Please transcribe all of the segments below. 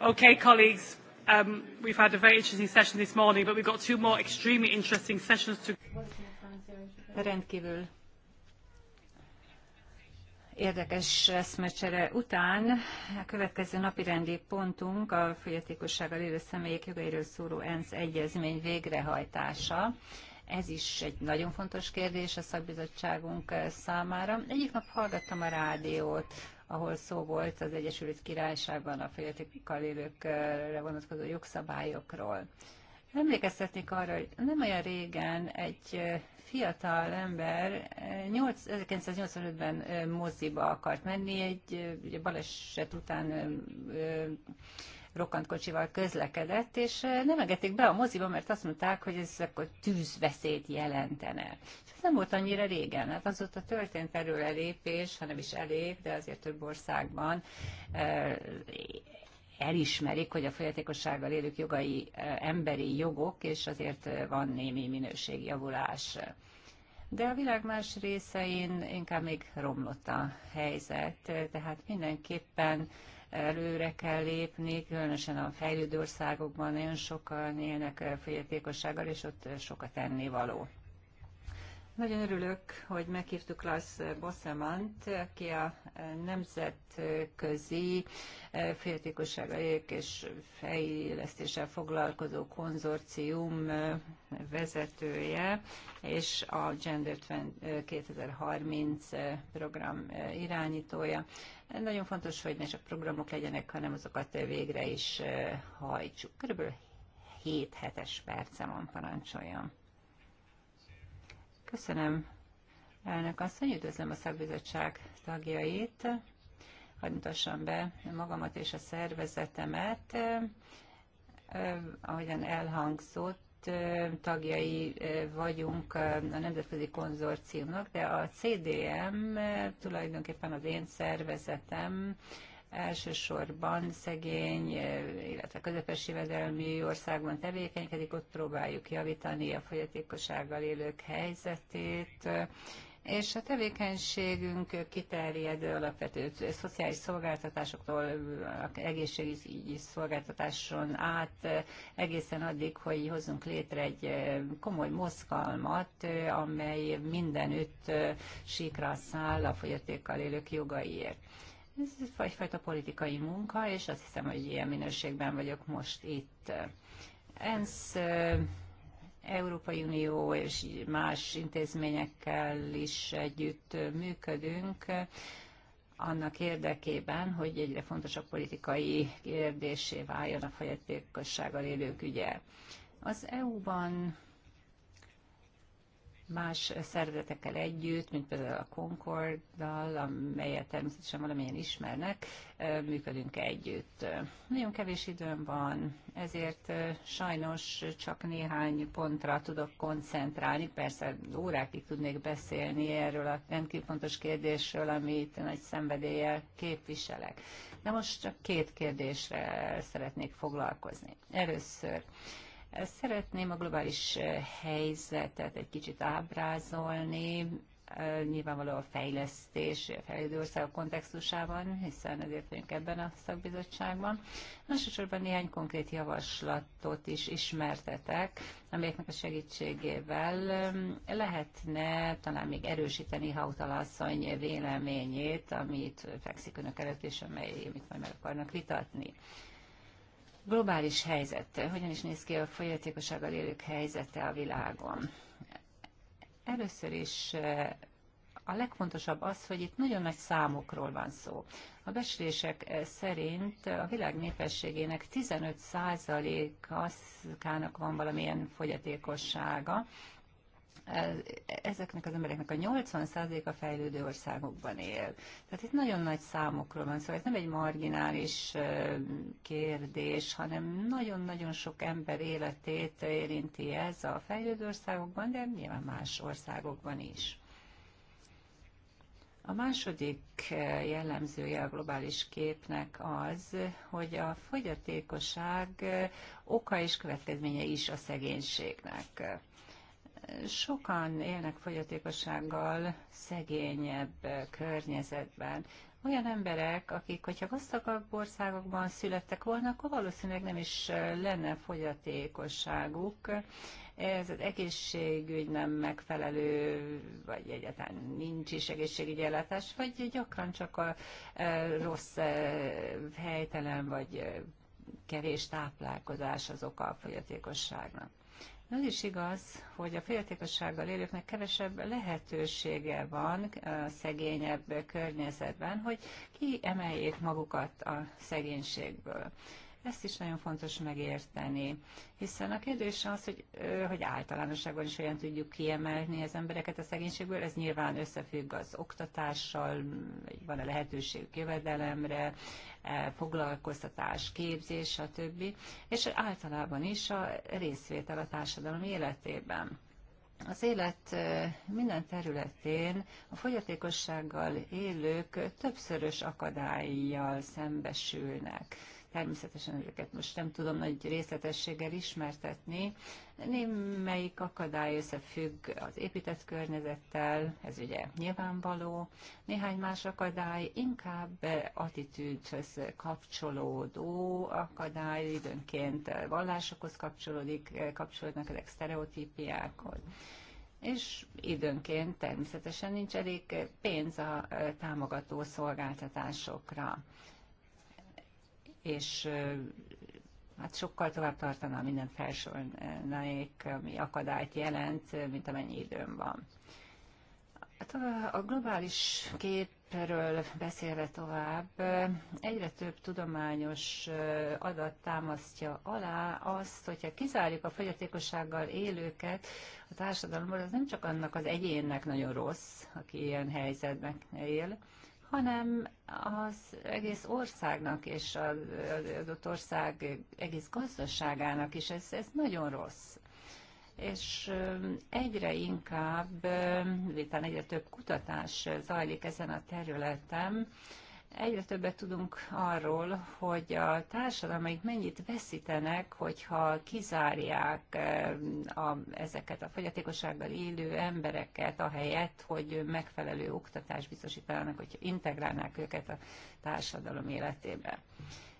Okay, colleagues, um, we've had a very interesting session this morning, but we've got two more extremely interesting sessions to. Rendkívül érdekes eszmecsere után a következő napi rendi pontunk a fogyatékossággal élő személyek jogairól szóló ENSZ egyezmény végrehajtása. Ez is egy nagyon fontos kérdés a szakbizottságunk eh, számára. Egyik nap hallgattam a rádiót, ahol szó volt az Egyesült Királyságban a fogyatékkal élőkre vonatkozó jogszabályokról. Emlékeztetnék arra, hogy nem olyan régen egy eh, fiatal ember 1985-ben eh, moziba akart menni, egy ugye baleset után rokkantkocsival közlekedett, és nem engedték be a moziba, mert azt mondták, hogy ez akkor tűzveszélyt jelentene. És ez nem volt annyira régen, hát azóta történt erről elépés, hanem is elég, de azért több országban elismerik, hogy a folyatékossággal élők jogai emberi jogok, és azért van némi minőségjavulás. De a világ más részein inkább még romlott a helyzet, tehát mindenképpen előre kell lépni, különösen a fejlődő országokban nagyon sokan élnek eh, fogyatékossággal, és ott eh, sokat a való. Nagyon örülök, hogy meghívtuk Lars Bosszemant, aki a nemzetközi eh, féltékonysággal és fejlesztéssel foglalkozó konzorcium eh, vezetője, és a Gender 2030 eh, program irányítója. Nagyon fontos, hogy ne csak programok legyenek, hanem azokat végre is hajtsuk. Körülbelül 7 hetes perce van, parancsoljon. Köszönöm, elnök asszony, üdvözlöm a szakbizottság tagjait. Hadd mutassam be magamat és a szervezetemet. Ahogyan elhangzott, tagjai vagyunk a Nemzetközi Konzorciumnak, de a CDM tulajdonképpen az én szervezetem, elsősorban szegény, illetve közepes jövedelmi országban tevékenykedik, ott próbáljuk javítani a fogyatékossággal élők helyzetét, és a tevékenységünk kiterjed alapvető szociális szolgáltatásoktól, egészségügyi szolgáltatáson át egészen addig, hogy hozunk létre egy komoly mozgalmat, amely mindenütt síkra száll a fogyatékkal élők jogaiért. Ez egyfajta politikai munka, és azt hiszem, hogy ilyen minőségben vagyok most itt. ENSZ, Európai Unió és más intézményekkel is együtt működünk annak érdekében, hogy egyre fontosabb politikai kérdésé váljon a fogyatékossággal élők ügye. Az EU-ban más szervezetekkel együtt, mint például a Concorddal, amelyet természetesen valamilyen ismernek, működünk együtt. Nagyon kevés időm van, ezért sajnos csak néhány pontra tudok koncentrálni. Persze órákig tudnék beszélni erről a rendkívül fontos kérdésről, amit nagy szenvedéllyel képviselek. De most csak két kérdésre szeretnék foglalkozni. Először, Szeretném a globális eh, helyzetet egy kicsit ábrázolni, eh, nyilvánvaló a fejlesztés, a fejlődő országok kontextusában, hiszen ezért vagyunk ebben a szakbizottságban. Másodszorban néhány konkrét javaslatot is ismertetek, amelyeknek a segítségével eh, lehetne talán még erősíteni Hautalasszony véleményét, amit fekszik önök előtt, és amely, amit majd meg akarnak vitatni globális helyzet, hogyan is néz ki a fogyatékossággal élők helyzete a világon? Először is eh, a legfontosabb az, hogy itt nagyon nagy számokról van szó. A beszélések eh, szerint a világ népességének 15%-ának van valamilyen fogyatékossága, ezeknek az embereknek a 80%-a fejlődő országokban él. Tehát itt nagyon nagy számokról van szó, szóval ez nem egy marginális kérdés, hanem nagyon-nagyon sok ember életét érinti ez a fejlődő országokban, de nyilván más országokban is. A második jellemzője a globális képnek az, hogy a fogyatékosság oka és következménye is a szegénységnek sokan élnek fogyatékossággal szegényebb környezetben. Olyan emberek, akik, hogyha gazdagabb országokban születtek volna, akkor valószínűleg nem is lenne fogyatékosságuk. Ez az egészségügy nem megfelelő, vagy egyáltalán nincs is egészségügyi ellátás, vagy gyakran csak a e, rossz, e, helytelen, vagy e, kevés táplálkozás az oka a fogyatékosságnak. Az is igaz, hogy a fogyatékossággal élőknek kevesebb lehetősége van a szegényebb környezetben, hogy kiemeljék magukat a szegénységből. Ezt is nagyon fontos megérteni, hiszen a kérdés az, hogy, hogy általánosságban is olyan tudjuk kiemelni az embereket a szegénységből, ez nyilván összefügg az oktatással, van-e lehetőség jövedelemre, e, foglalkoztatás, képzés, stb. És általában is a részvétel a társadalom életében. Az élet minden területén a fogyatékossággal élők többszörös akadályjal szembesülnek Természetesen ezeket most nem tudom nagy részletességgel ismertetni. Némelyik akadály összefügg az épített környezettel, ez ugye nyilvánvaló. Néhány más akadály inkább attitűdhöz kapcsolódó akadály, időnként vallásokhoz kapcsolódik, kapcsolódnak ezek sztereotípiákhoz és időnként természetesen nincs elég pénz a támogató szolgáltatásokra és hát sokkal tovább tartaná minden felsorolnáék, ami akadályt jelent, mint amennyi időm van. Hát a, a globális képről beszélve tovább, egyre több tudományos adat támasztja alá azt, hogyha kizárjuk a fogyatékossággal élőket a társadalomból, az nem csak annak az egyénnek nagyon rossz, aki ilyen helyzetben él, hanem az egész országnak és az adott ország egész gazdaságának is. Ez, ez nagyon rossz. És egyre inkább, miután egyre több kutatás zajlik ezen a területen, egyre többet tudunk arról, hogy a társadalmaik mennyit veszítenek, hogyha kizárják eh, a, ezeket a fogyatékossággal élő embereket a helyet, hogy megfelelő oktatást biztosítanának, hogy integrálnák őket a társadalom életébe.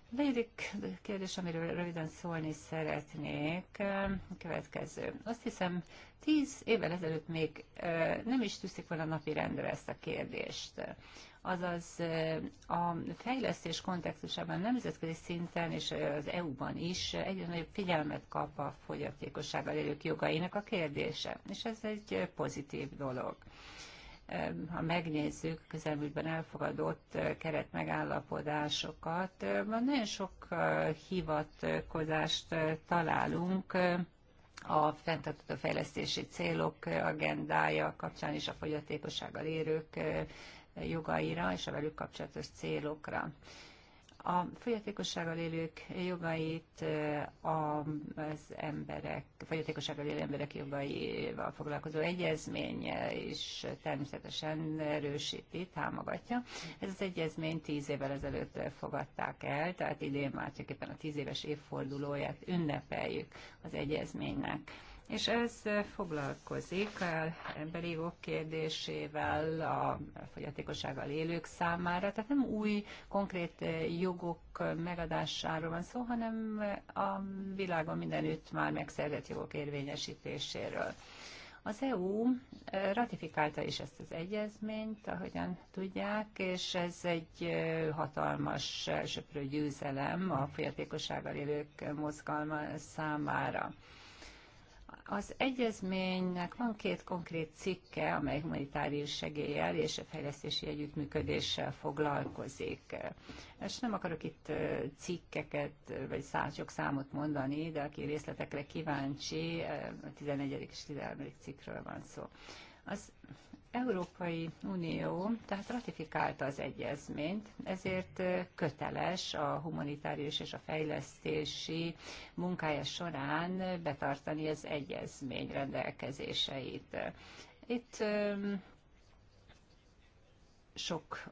Negyedik kérdés, amiről röviden szólni szeretnék, eh, következő. Azt hiszem, tíz évvel ezelőtt még eh, nem is tűzték volna rendre ezt a kérdést azaz eh, a fejlesztés kontextusában nemzetközi szinten és eh, az EU-ban is egyre nagyobb figyelmet kap a fogyatékossággal élők jogainak a kérdése, és ez egy eh, pozitív dolog ha megnézzük közelműben elfogadott keretmegállapodásokat, nagyon sok hivatkozást találunk a fenntartató fejlesztési célok agendája kapcsán is a fogyatékossággal érők jogaira és a velük kapcsolatos célokra. A fogyatékossággal élők jogait az emberek, fogyatékossággal élő emberek jogaival foglalkozó egyezmény is természetesen erősíti, támogatja. Ez az egyezmény tíz évvel ezelőtt fogadták el, tehát idén már csak éppen a tíz éves évfordulóját ünnepeljük az egyezménynek és ez foglalkozik emberi jogok kérdésével, a fogyatékossággal élők számára, tehát nem új konkrét jogok megadásáról van szó, hanem a világon mindenütt már megszerzett jogok érvényesítéséről. Az EU ratifikálta is ezt az egyezményt, ahogyan tudják, és ez egy hatalmas söprő győzelem a fogyatékossággal élők mozgalma számára. Az egyezménynek van két konkrét cikke, amely humanitárius segéllyel és a fejlesztési együttműködéssel foglalkozik. És nem akarok itt cikkeket vagy sok számot mondani, de aki részletekre kíváncsi, a 11. és 13. cikkről van szó. Az Európai Unió tehát ratifikálta az egyezményt, ezért köteles a humanitárius és a fejlesztési munkája során betartani az egyezmény rendelkezéseit. Itt sok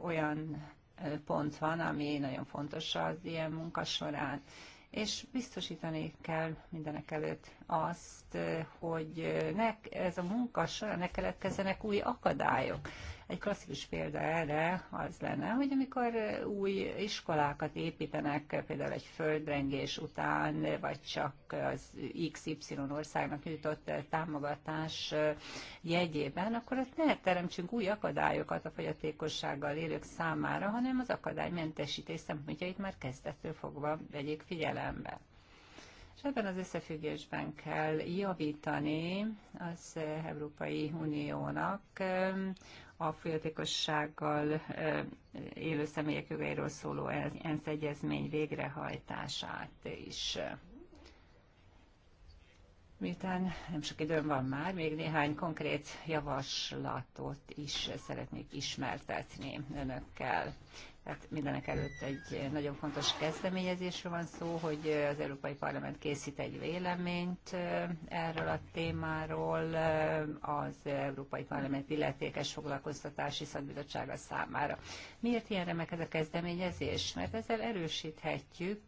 olyan pont van, ami nagyon fontos az ilyen munka során és biztosítani kell mindenek előtt azt, hogy ne, ez a munka során ne keletkezzenek új akadályok. Egy klasszikus példa erre az lenne, hogy amikor új iskolákat építenek, például egy földrengés után, vagy csak az XY országnak nyújtott támogatás jegyében, akkor ott ne teremtsünk új akadályokat a fogyatékossággal élők számára, hanem az akadálymentesítés szempontjait már kezdettől fogva vegyék figyelembe. És ebben az összefüggésben kell javítani az Európai Uniónak a fogyatékossággal élő személyek jogairól szóló ENSZ egyezmény végrehajtását is. Miután nem sok időm van már, még néhány konkrét javaslatot is szeretnék ismertetni önökkel. Tehát mindenek előtt egy nagyon fontos kezdeményezésről van szó, hogy az Európai Parlament készít egy véleményt erről a témáról az Európai Parlament illetékes foglalkoztatási szakbizottsága számára. Miért ilyen remek ez a kezdeményezés? Mert ezzel erősíthetjük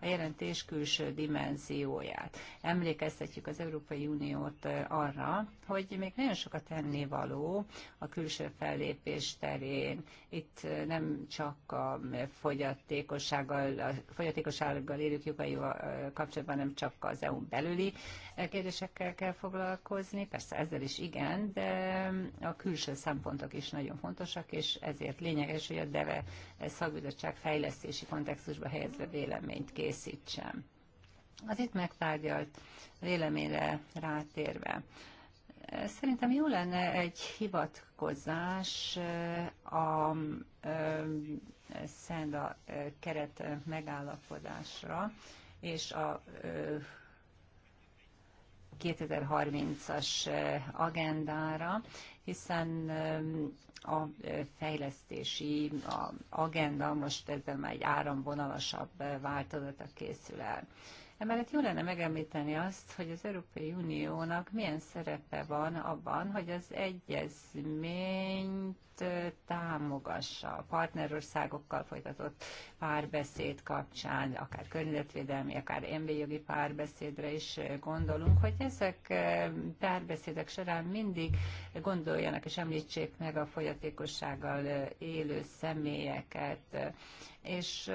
a jelentés külső dimenzióját. Emlékeztetjük az Európai Uniót arra, hogy még nagyon sokat tennivaló a külső fellépés terén. Itt nem csak a fogyatékossággal, a fogyatékossággal élők jogaival kapcsolatban nem csak az EU-n belüli e, kérdésekkel kell foglalkozni, persze ezzel is igen, de a külső szempontok is nagyon fontosak, és ezért lényeges, hogy a DEVE szakbizottság fejlesztési kontextusba helyezve véleményt készítsem. Az itt megtárgyalt véleményre rátérve. Szerintem jó lenne egy hivatkozás eh, a eh, Szenda eh, keret megállapodásra, és a 2030-as agendára, hiszen a fejlesztési agenda most ezzel már egy áramvonalasabb változata készül el. Emellett jó lenne megemlíteni azt, hogy az Európai Uniónak milyen szerepe van abban, hogy az egyezményt támogassa a partnerországokkal folytatott párbeszéd kapcsán, akár környezetvédelmi, akár emberi jogi párbeszédre is gondolunk, hogy ezek párbeszédek során mindig gondoljanak és említsék meg a fogyatékossággal élő személyeket, és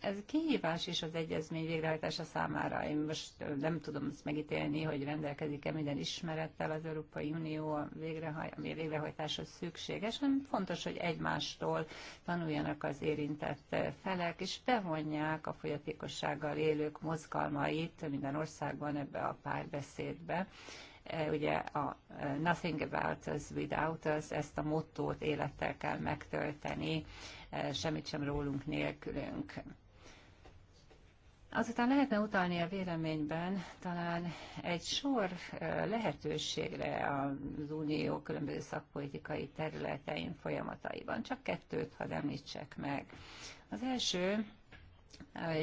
ez kihívás is az egyezmény végrehajtása számára. Én most nem tudom ezt megítélni, hogy rendelkezik-e minden ismerettel az Európai Unió végrehaj, ami a végrehajtáshoz szükséges, hanem fontos, hogy egymástól tanuljanak az érintett felek, és bevonják a fogyatékossággal élők mozgalmait minden országban ebbe a párbeszédbe e, ugye a e, Nothing about us without us, ezt a mottót élettel kell megtölteni, e, semmit sem rólunk nélkülünk. Azután lehetne utalni a véleményben talán egy sor lehetőségre az unió különböző szakpolitikai területein folyamataiban. Csak kettőt, ha említsek meg. Az első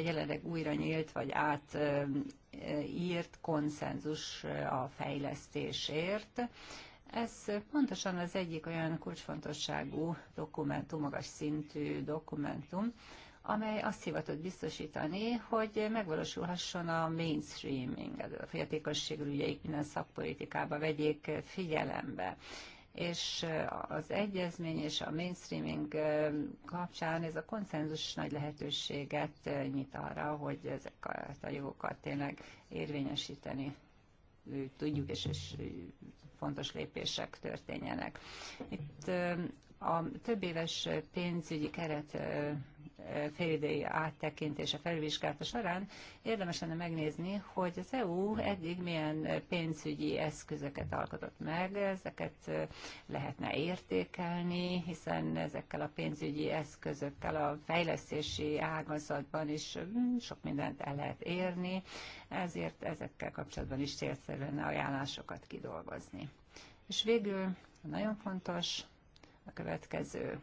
jelenleg újra nyílt vagy átírt konszenzus a fejlesztésért. Ez pontosan az egyik olyan kulcsfontosságú dokumentum, magas szintű dokumentum, amely azt hivatott biztosítani, hogy megvalósulhasson a mainstreaming, a fogyatékosságú ügyeik minden szakpolitikába vegyék figyelembe és az egyezmény és a mainstreaming kapcsán ez a konszenzus nagy lehetőséget nyit arra, hogy ezeket a jogokat tényleg érvényesíteni tudjuk, és, és fontos lépések történjenek. Itt a több éves pénzügyi keret félidei áttekintése felvizsgálta során érdemes lenne megnézni, hogy az EU eddig milyen pénzügyi eszközöket alkotott meg, ezeket lehetne értékelni, hiszen ezekkel a pénzügyi eszközökkel a fejlesztési ágazatban is sok mindent el lehet érni, ezért ezekkel kapcsolatban is célszerű lenne ajánlásokat kidolgozni. És végül nagyon fontos a következő.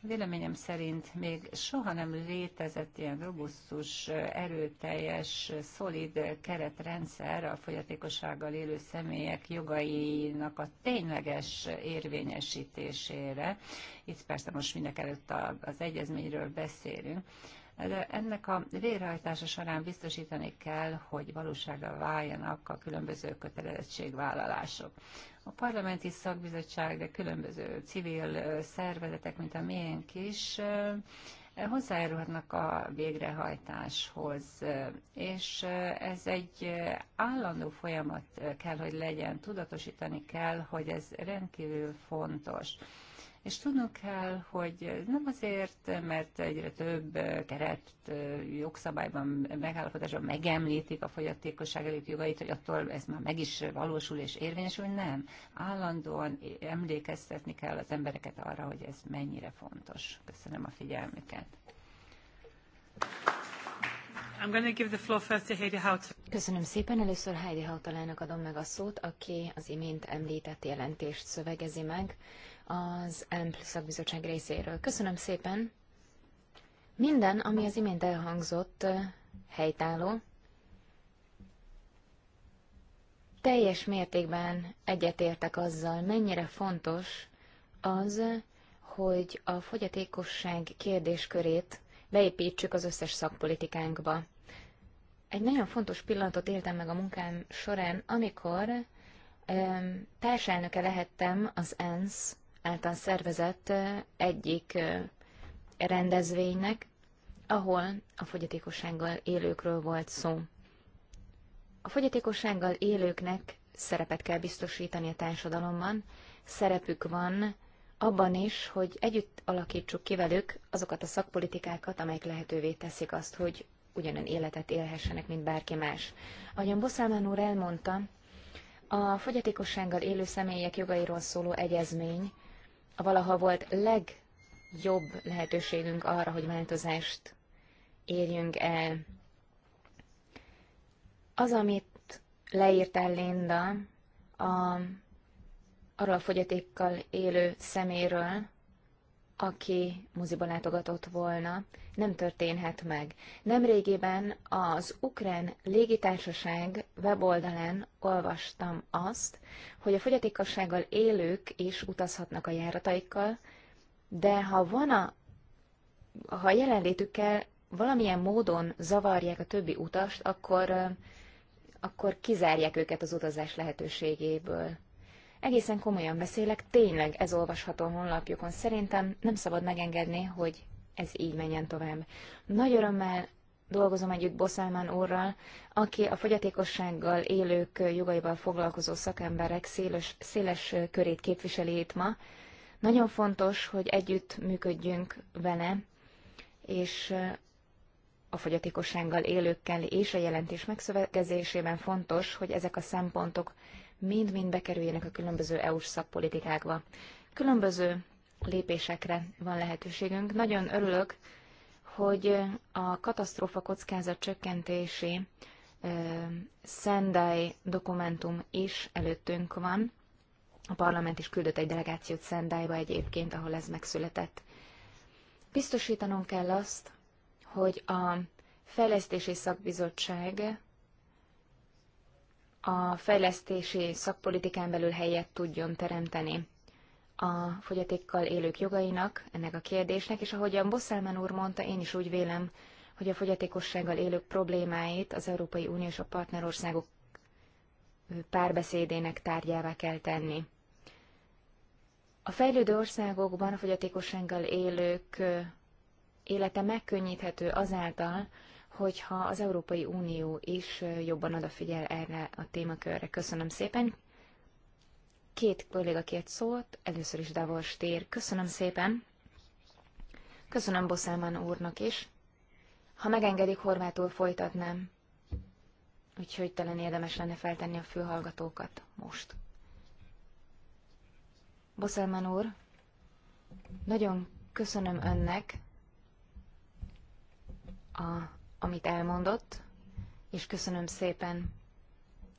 Véleményem szerint még soha nem létezett ilyen robusztus, erőteljes, szolid keretrendszer a fogyatékossággal élő személyek jogainak a tényleges érvényesítésére. Itt persze most mindek előtt az egyezményről beszélünk. De ennek a végrehajtása során biztosítani kell, hogy valósága váljanak a különböző kötelezettségvállalások. A parlamenti szakbizottság, de különböző civil szervezetek, mint a miénk is, hozzájárulhatnak a végrehajtáshoz, és ez egy állandó folyamat kell, hogy legyen, tudatosítani kell, hogy ez rendkívül fontos. És tudnunk kell, hogy nem azért, mert egyre több keret jogszabályban, megállapodásban megemlítik a fogyatékosság előtt jogait, hogy attól ez már meg is valósul és érvényesül, nem. Állandóan emlékeztetni kell az embereket arra, hogy ez mennyire fontos. Köszönöm a figyelmüket. I'm going to give the floor first to Heidi Köszönöm szépen. Először Heidi Hautalának adom meg a szót, aki az imént említett jelentést szövegezi meg az EMPL szakbizottság részéről. Köszönöm szépen! Minden, ami az imént elhangzott, helytálló. Teljes mértékben egyetértek azzal, mennyire fontos az, hogy a fogyatékosság kérdéskörét beépítsük az összes szakpolitikánkba. Egy nagyon fontos pillanatot éltem meg a munkám során, amikor társelnöke lehettem az ENSZ által szervezett egyik rendezvénynek, ahol a fogyatékossággal élőkről volt szó. A fogyatékossággal élőknek szerepet kell biztosítani a társadalomban, szerepük van abban is, hogy együtt alakítsuk ki velük azokat a szakpolitikákat, amelyek lehetővé teszik azt, hogy ugyanen életet élhessenek, mint bárki más. Ahogyan Boszálmán úr elmondta, a fogyatékossággal élő személyek jogairól szóló egyezmény a valaha volt legjobb lehetőségünk arra, hogy változást érjünk el. Az, amit leírtál, Linda, a, arról a fogyatékkal élő szeméről, aki moziba látogatott volna, nem történhet meg. Nemrégiben az Ukrán Légitársaság weboldalán olvastam azt, hogy a fogyatékossággal élők is utazhatnak a járataikkal, de ha van a, ha a jelenlétükkel valamilyen módon zavarják a többi utast, akkor, akkor kizárják őket az utazás lehetőségéből. Egészen komolyan beszélek, tényleg ez olvasható a honlapjukon. Szerintem nem szabad megengedni, hogy ez így menjen tovább. Nagy örömmel dolgozom együtt Boszálmán úrral, aki a fogyatékossággal élők jogaival foglalkozó szakemberek széles, széles körét képviseli itt ma. Nagyon fontos, hogy együtt működjünk vele, és a fogyatékossággal élőkkel és a jelentés megszövegezésében fontos, hogy ezek a szempontok mind-mind bekerüljenek a különböző EU-s szakpolitikákba. Különböző lépésekre van lehetőségünk. Nagyon örülök, hogy a katasztrófa kockázat csökkentési Szendai dokumentum is előttünk van. A parlament is küldött egy delegációt Sendaiba egyébként, ahol ez megszületett. Biztosítanunk kell azt, hogy a Fejlesztési Szakbizottság a fejlesztési szakpolitikán belül helyet tudjon teremteni a fogyatékkal élők jogainak, ennek a kérdésnek, és ahogyan Bosszámen úr mondta, én is úgy vélem, hogy a fogyatékossággal élők problémáit az Európai Unió és a partnerországok párbeszédének tárgyává kell tenni. A fejlődő országokban a fogyatékossággal élők élete megkönnyíthető azáltal, hogyha az Európai Unió is jobban odafigyel erre a témakörre. Köszönöm szépen. Két kolléga két szót, először is Davor Stér. Köszönöm szépen. Köszönöm Boszelman úrnak is. Ha megengedik, horvátul folytatnám. Úgyhogy talán érdemes lenne feltenni a fülhallgatókat most. Boszelman úr, nagyon köszönöm önnek a amit elmondott, és köszönöm szépen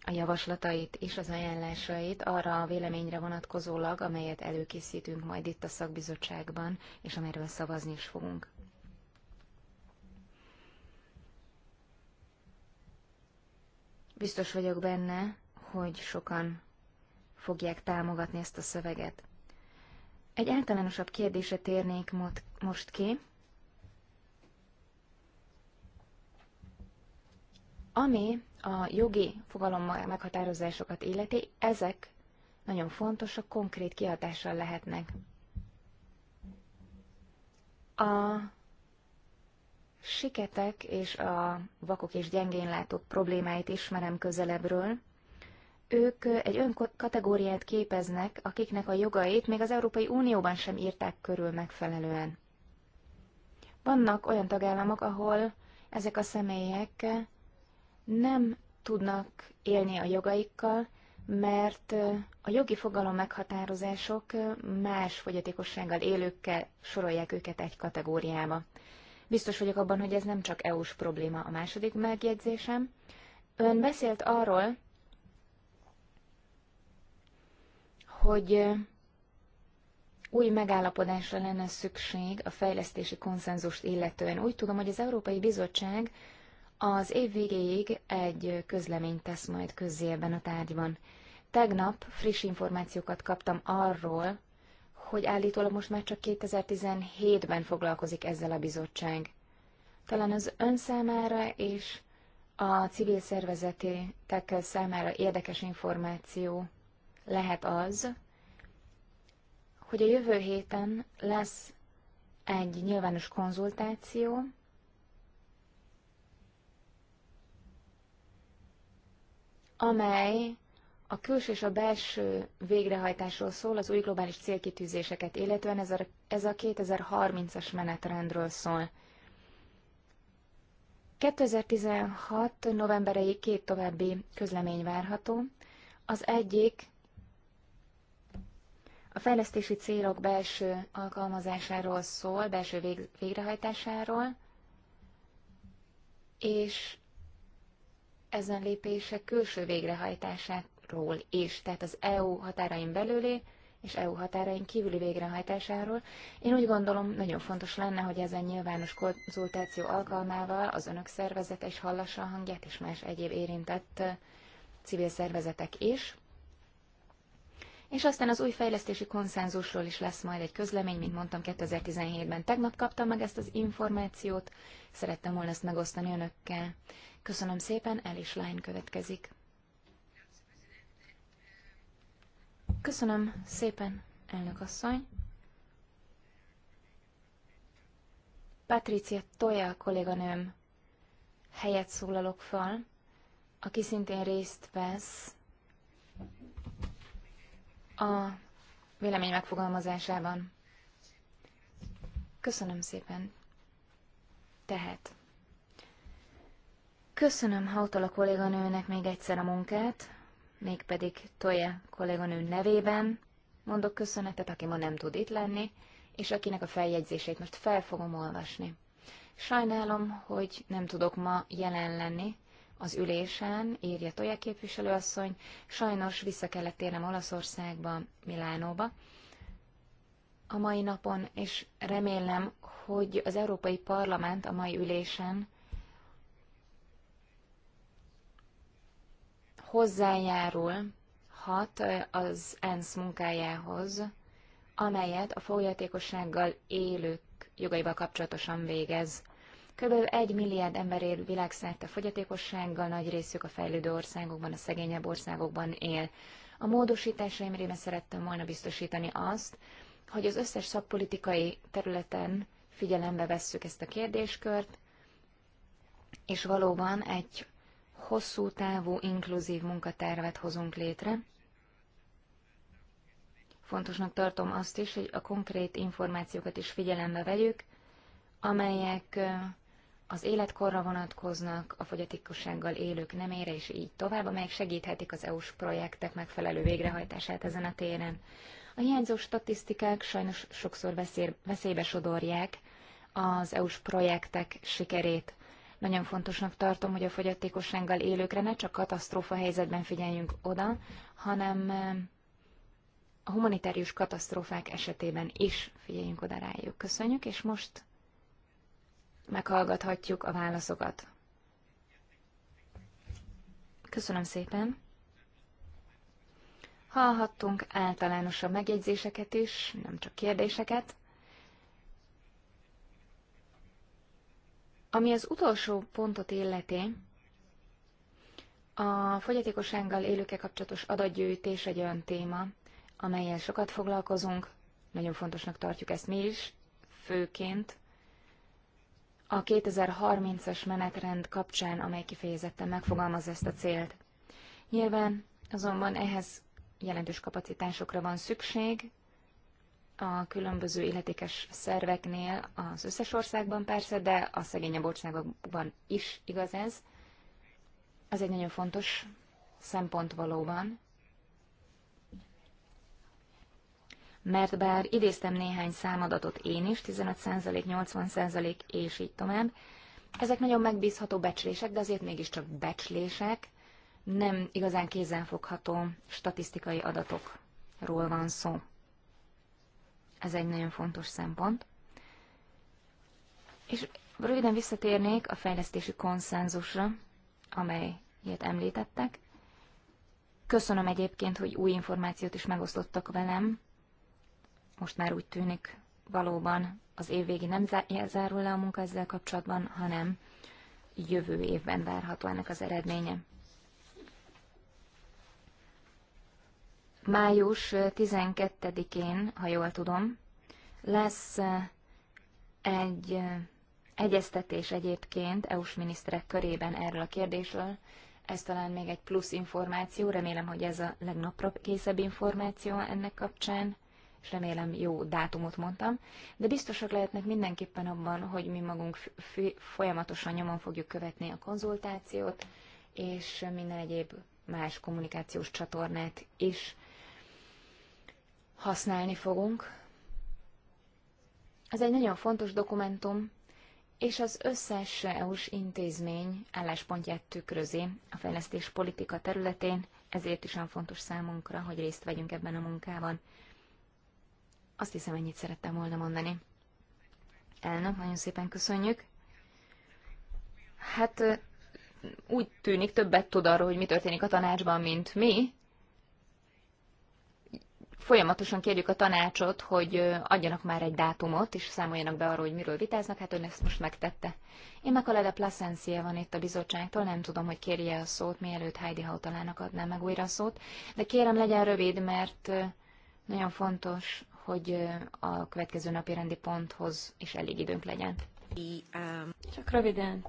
a javaslatait és az ajánlásait arra a véleményre vonatkozólag, amelyet előkészítünk majd itt a szakbizottságban, és amelyről szavazni is fogunk. Biztos vagyok benne, hogy sokan fogják támogatni ezt a szöveget. Egy általánosabb kérdésre térnék most ki, Ami a jogi fogalommal meghatározásokat illeti, ezek nagyon fontosak, konkrét kiadással lehetnek. A siketek és a vakok és gyengénlátók problémáit ismerem közelebbről. Ők egy önkategóriát képeznek, akiknek a jogait még az Európai Unióban sem írták körül megfelelően. Vannak olyan tagállamok, ahol ezek a személyek nem tudnak élni a jogaikkal, mert a jogi fogalom meghatározások más fogyatékossággal élőkkel sorolják őket egy kategóriába. Biztos vagyok abban, hogy ez nem csak EU-s probléma a második megjegyzésem. Ön beszélt arról, hogy új megállapodásra lenne szükség a fejlesztési konszenzust illetően. Úgy tudom, hogy az Európai Bizottság az év végéig egy közleményt tesz majd közzé ebben a tárgyban. Tegnap friss információkat kaptam arról, hogy állítólag most már csak 2017-ben foglalkozik ezzel a bizottság. Talán az ön számára és a civil szervezetétek számára érdekes információ lehet az, hogy a jövő héten lesz egy nyilvános konzultáció, amely a külső és a belső végrehajtásról szól, az új globális célkitűzéseket, illetően ez a, ez a 2030-as menetrendről szól. 2016. novemberéig két további közlemény várható. Az egyik a fejlesztési célok belső alkalmazásáról szól, belső vég, végrehajtásáról, és ezen lépések külső végrehajtásáról is, tehát az EU határain belüli és EU határain kívüli végrehajtásáról. Én úgy gondolom, nagyon fontos lenne, hogy ezen nyilvános konzultáció alkalmával az önök szervezete is hallassa a hangját, és más egyéb érintett civil szervezetek is és aztán az új fejlesztési konszenzusról is lesz majd egy közlemény, mint mondtam, 2017-ben. Tegnap kaptam meg ezt az információt, szerettem volna ezt megosztani önökkel. Köszönöm szépen, El is Line következik. Köszönöm szépen, elnök asszony. Patricia Toya kolléganőm helyett szólalok fel, aki szintén részt vesz a vélemény megfogalmazásában. Köszönöm szépen. Tehát. Köszönöm a kolléganőnek még egyszer a munkát, mégpedig Toje kolléganő nevében mondok köszönetet, aki ma nem tud itt lenni, és akinek a feljegyzését most fel fogom olvasni. Sajnálom, hogy nem tudok ma jelen lenni, az ülésen, írja Tolja képviselőasszony, sajnos vissza kellett térnem Olaszországba, Milánóba a mai napon, és remélem, hogy az Európai Parlament a mai ülésen hozzájárul hat az ENSZ munkájához, amelyet a fogyatékossággal élők jogaival kapcsolatosan végez. Kb. egy milliárd ember él világszerte fogyatékossággal, nagy részük a fejlődő országokban, a szegényebb országokban él. A módosításaim révén szerettem volna biztosítani azt, hogy az összes szakpolitikai területen figyelembe vesszük ezt a kérdéskört, és valóban egy hosszú távú inkluzív munkatervet hozunk létre. Fontosnak tartom azt is, hogy a konkrét információkat is figyelembe vegyük, amelyek az életkorra vonatkoznak, a fogyatékossággal élők nemére, és így tovább, amelyek segíthetik az EU-s projektek megfelelő végrehajtását ezen a téren. A hiányzó statisztikák sajnos sokszor veszély, veszélybe sodorják az EU-s projektek sikerét. Nagyon fontosnak tartom, hogy a fogyatékossággal élőkre ne csak katasztrófa helyzetben figyeljünk oda, hanem eh, a humanitárius katasztrófák esetében is figyeljünk oda rájuk. Köszönjük, és most meghallgathatjuk a válaszokat. Köszönöm szépen! Hallhattunk általánosabb megjegyzéseket is, nem csak kérdéseket. Ami az utolsó pontot illeti, a fogyatékossággal élőkkel kapcsolatos adatgyűjtés egy olyan téma, amelyel sokat foglalkozunk, nagyon fontosnak tartjuk ezt mi is, főként a 2030-as menetrend kapcsán, amely kifejezetten megfogalmaz ezt a célt. Nyilván azonban ehhez jelentős kapacitásokra van szükség, a különböző illetékes szerveknél az összes országban persze, de a szegényebb országokban is igaz ez. Ez egy nagyon fontos szempont valóban. mert bár idéztem néhány számadatot én is, 15%, 80% és így tovább, ezek nagyon megbízható becslések, de azért mégiscsak becslések, nem igazán kézenfogható statisztikai adatokról van szó. Ez egy nagyon fontos szempont. És röviden visszatérnék a fejlesztési konszenzusra, amelyet említettek. Köszönöm egyébként, hogy új információt is megosztottak velem, most már úgy tűnik valóban az év végén nem zárul le a munka ezzel kapcsolatban, hanem jövő évben várható ennek az eredménye. Május 12-én, ha jól tudom, lesz egy egyeztetés egyébként EU-s miniszterek körében erről a kérdésről. Ez talán még egy plusz információ, remélem, hogy ez a legnapra készebb információ ennek kapcsán és remélem jó dátumot mondtam, de biztosak lehetnek mindenképpen abban, hogy mi magunk folyamatosan nyomon fogjuk követni a konzultációt, és minden egyéb más kommunikációs csatornát is használni fogunk. Ez egy nagyon fontos dokumentum, és az összes EU-s intézmény álláspontját tükrözi a fejlesztés politika területén, ezért is olyan fontos számunkra, hogy részt vegyünk ebben a munkában. Azt hiszem, ennyit szerettem volna mondani. Elnök, nagyon szépen köszönjük. Hát úgy tűnik, többet tud arról, hogy mi történik a tanácsban, mint mi. Folyamatosan kérjük a tanácsot, hogy adjanak már egy dátumot, és számoljanak be arról, hogy miről vitáznak. Hát ön ezt most megtette. Én meg a Lede Placencia van itt a bizottságtól, nem tudom, hogy kérje a szót, mielőtt Heidi Hautalának adná meg újra a szót, de kérem legyen rövid, mert nagyon fontos hogy a következő napi rendi ponthoz is elég időnk legyen. Csak röviden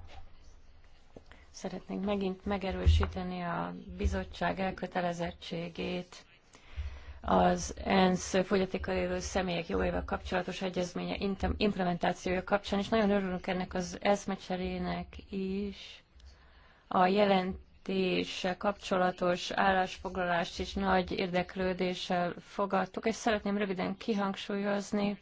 szeretnénk megint megerősíteni a bizottság elkötelezettségét az ENSZ fogyatékkal élő személyek jogaival kapcsolatos egyezménye implementációja kapcsán, és nagyon örülünk ennek az eszmecserének is. A jelent jelentése kapcsolatos állásfoglalást is nagy érdeklődéssel fogadtuk, és szeretném röviden kihangsúlyozni,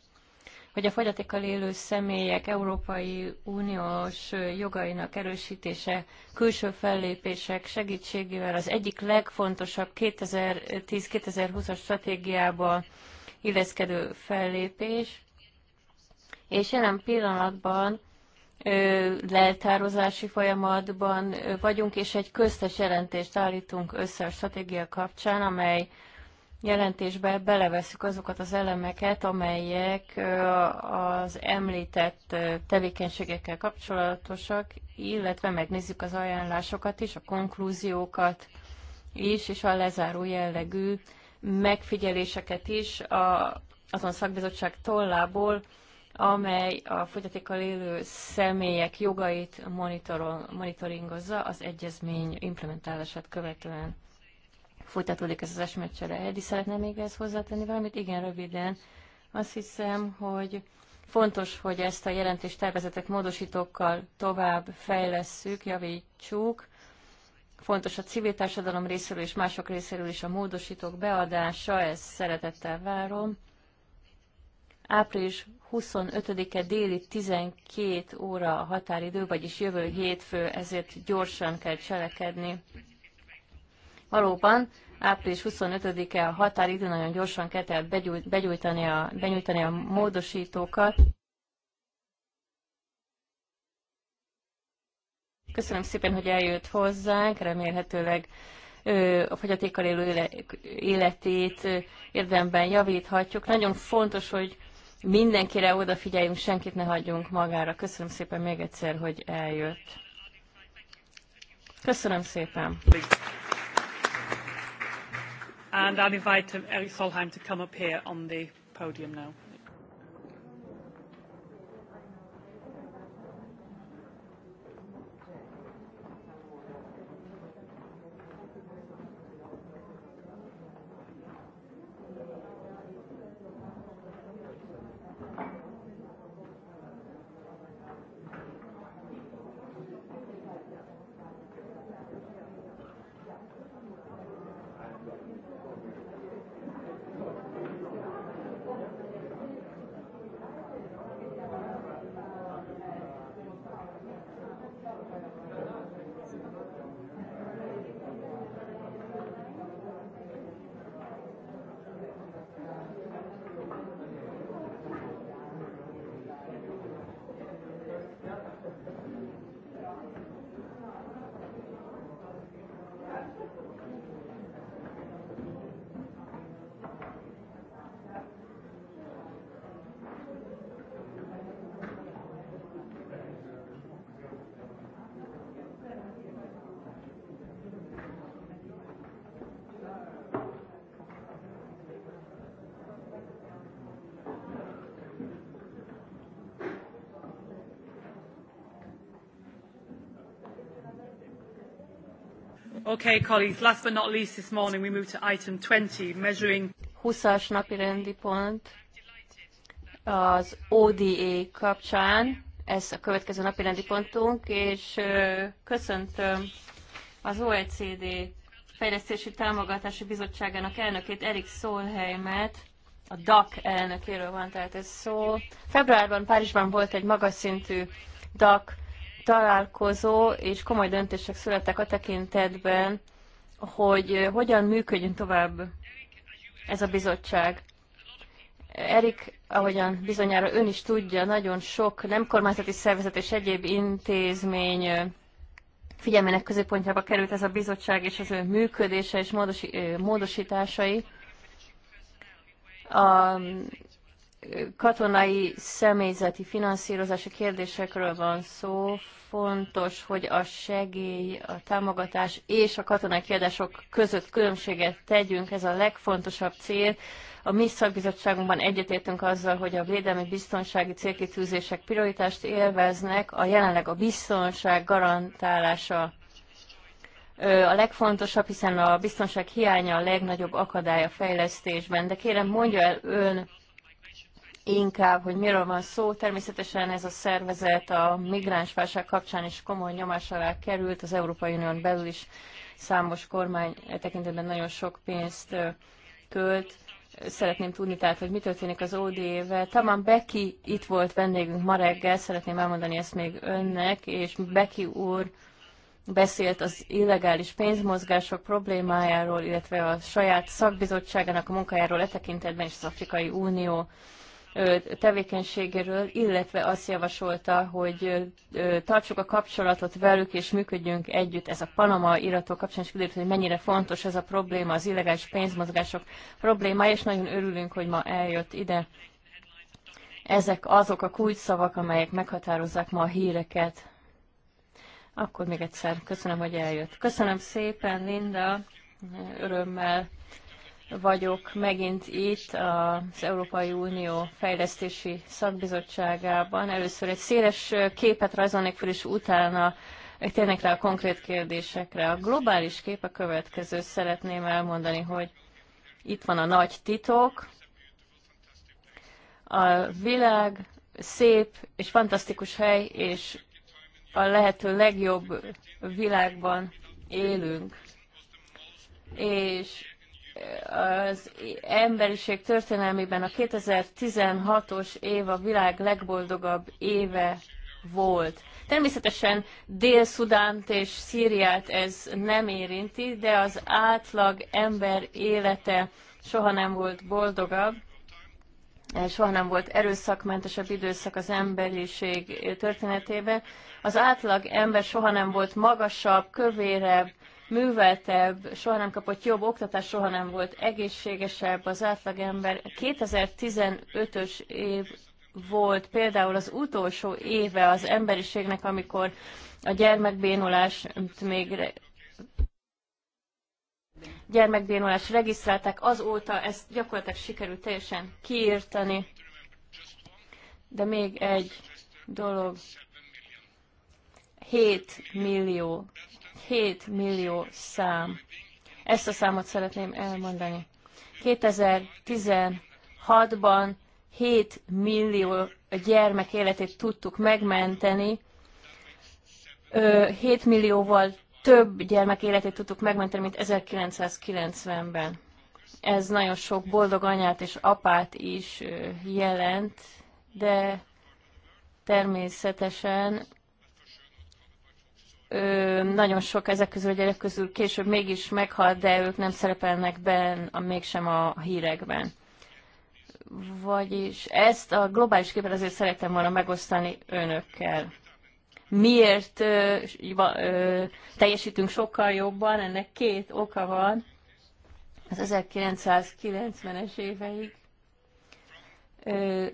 hogy a fogyatékkal élő személyek Európai Uniós jogainak erősítése külső fellépések segítségével az egyik legfontosabb 2010-2020-as stratégiába illeszkedő fellépés, és jelen pillanatban leltározási folyamatban vagyunk, és egy köztes jelentést állítunk össze a stratégia kapcsán, amely jelentésbe beleveszük azokat az elemeket, amelyek az említett tevékenységekkel kapcsolatosak, illetve megnézzük az ajánlásokat is, a konklúziókat is, és a lezáró jellegű megfigyeléseket is a, azon szakbizottság tollából, amely a fogyatékkal élő személyek jogait monitoringozza az egyezmény implementálását követően. Folytatódik ez az esmétcsere. Edi szeretne még ezt hozzátenni valamit? Igen, röviden. Azt hiszem, hogy fontos, hogy ezt a jelentést tervezetek módosítókkal tovább fejlesszük, javítsuk. Fontos a civil társadalom részéről és mások részéről is a módosítók beadása, ezt szeretettel várom április 25-e déli 12 óra a határidő, vagyis jövő hétfő, ezért gyorsan kell cselekedni. Valóban, április 25-e a határidő, nagyon gyorsan kell tehát begyújtani a, benyújtani a módosítókat. Köszönöm szépen, hogy eljött hozzánk, remélhetőleg a fogyatékkal élő életét érdemben javíthatjuk. Nagyon fontos, hogy mindenkire odafigyeljünk, senkit ne hagyjunk magára. Köszönöm szépen még egyszer, hogy eljött. Köszönöm szépen. And I'll invite Eric Solheim to come up here on the podium now. Okay, colleagues, last but not least this morning we move to item 20, measuring... 20-as napi rendi pont az ODA kapcsán, ez a következő napi rendi pontunk, és köszöntöm az OECD Fejlesztési Támogatási Bizottságának elnökét, Erik Szolheimet, a DAC elnökéről van tehát ez szó. Februárban Párizsban volt egy magas szintű DAC találkozó, és komoly döntések születtek a tekintetben, hogy hogyan működjön tovább ez a bizottság. Erik, ahogyan bizonyára ön is tudja, nagyon sok nem kormányzati szervezet és egyéb intézmény figyelmének középpontjába került ez a bizottság és az ő működése és módosításai. A katonai személyzeti finanszírozási kérdésekről van szó, fontos, hogy a segély, a támogatás és a katonai kiadások között különbséget tegyünk, ez a legfontosabb cél. A mi szakbizottságunkban egyetértünk azzal, hogy a védelmi biztonsági célkitűzések prioritást élveznek, a jelenleg a biztonság garantálása a legfontosabb, hiszen a biztonság hiánya a legnagyobb akadály a fejlesztésben. De kérem, mondja el ön inkább, hogy miről van szó. Természetesen ez a szervezet a migránsválság kapcsán is komoly nyomás alá került, az Európai Unión belül is számos kormány e tekintetben nagyon sok pénzt költ. Szeretném tudni tehát, hogy mi történik az ODE-vel. Tamán Beki itt volt vendégünk ma reggel, szeretném elmondani ezt még önnek, és Beki úr beszélt az illegális pénzmozgások problémájáról, illetve a saját szakbizottságának a munkájáról e tekintetben is az Afrikai Unió tevékenységéről, illetve azt javasolta, hogy tartsuk a kapcsolatot velük és működjünk együtt. Ez a Panama iratok kapcsán is kiderült, hogy mennyire fontos ez a probléma, az illegális pénzmozgások problémája, és nagyon örülünk, hogy ma eljött ide. Ezek azok a kulcsszavak, amelyek meghatározzák ma a híreket. Akkor még egyszer köszönöm, hogy eljött. Köszönöm szépen, Linda, örömmel vagyok megint itt az Európai Unió Fejlesztési Szakbizottságában. Először egy széles képet rajzolnék fel, és utána térnek rá a konkrét kérdésekre. A globális kép a következő. Szeretném elmondani, hogy itt van a nagy titok. A világ szép és fantasztikus hely, és a lehető legjobb világban élünk. És az emberiség történelmében a 2016-os év a világ legboldogabb éve volt. Természetesen Dél-Szudánt és Szíriát ez nem érinti, de az átlag ember élete soha nem volt boldogabb, soha nem volt erőszakmentesebb időszak az emberiség történetében. Az átlag ember soha nem volt magasabb, kövérebb, műveltebb, soha nem kapott jobb oktatás, soha nem volt egészségesebb az átlagember. 2015-ös év volt például az utolsó éve az emberiségnek, amikor a gyermekbénulás még gyermekbénulást regisztrálták, azóta ezt gyakorlatilag sikerült teljesen kiírtani. De még egy dolog. 7 millió 7 millió szám. Ezt a számot szeretném elmondani. 2016-ban 7 millió gyermek életét tudtuk megmenteni, 7 millióval több gyermek életét tudtuk megmenteni, mint 1990-ben. Ez nagyon sok boldog anyát és apát is jelent, de természetesen ö, nagyon sok ezek közül a gyerek közül később mégis meghalt, de ők nem szerepelnek benne, a, mégsem a hírekben. Vagyis ezt a globális képet azért szerettem volna megosztani önökkel. Miért ö, ö, teljesítünk sokkal jobban? Ennek két oka van. Az 1990-es éveig ö,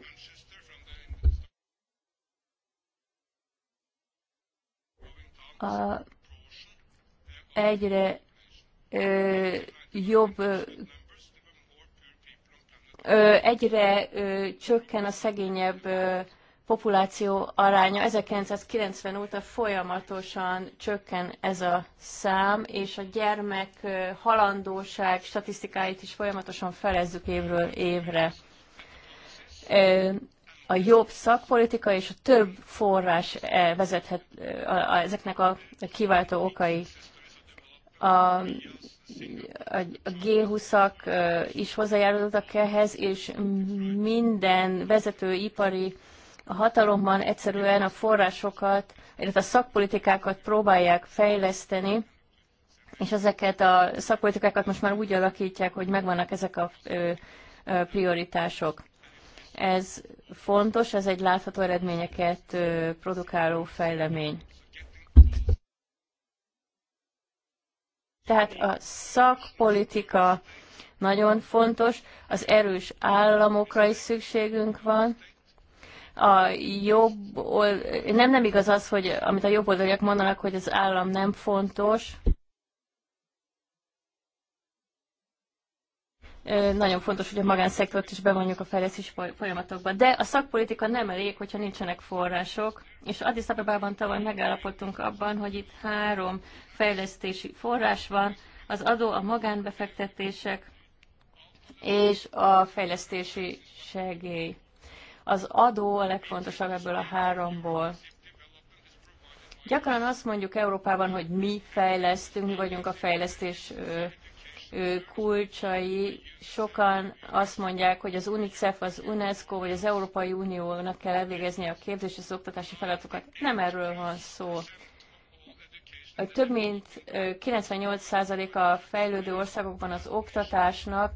a egyre ö, jobb ö, egyre ö, csökken a szegényebb ö, populáció aránya. 1990 óta folyamatosan csökken ez a szám, és a gyermek ö, halandóság statisztikáit is folyamatosan felezzük évről évre. Ö, a jobb szakpolitika és a több forrás eh, vezethet eh, a, ezeknek a kiváltó okai. A, a, a G20-ak eh, is hozzájárultak ehhez, és minden vezető ipari a hatalomban egyszerűen a forrásokat, illetve a szakpolitikákat próbálják fejleszteni, és ezeket a szakpolitikákat most már úgy alakítják, hogy megvannak ezek a prioritások. Ez fontos, ez egy látható eredményeket produkáló fejlemény. Tehát a szakpolitika nagyon fontos, az erős államokra is szükségünk van. A jobb, nem, nem igaz az, hogy amit a jobb oldaliak mondanak, hogy az állam nem fontos, nagyon fontos, hogy a magánszektort is bevonjuk a fejlesztési folyamatokba. De a szakpolitika nem elég, hogyha nincsenek források, és Addis Ababában tavaly megállapodtunk abban, hogy itt három fejlesztési forrás van, az adó, a magánbefektetések és a fejlesztési segély. Az adó a legfontosabb ebből a háromból. Gyakran azt mondjuk Európában, hogy mi fejlesztünk, mi vagyunk a fejlesztés kulcsai. Sokan azt mondják, hogy az UNICEF, az UNESCO vagy az Európai Uniónak kell elvégezni a képzés és oktatási feladatokat. Nem erről van szó. Több mint 98% a fejlődő országokban az oktatásnak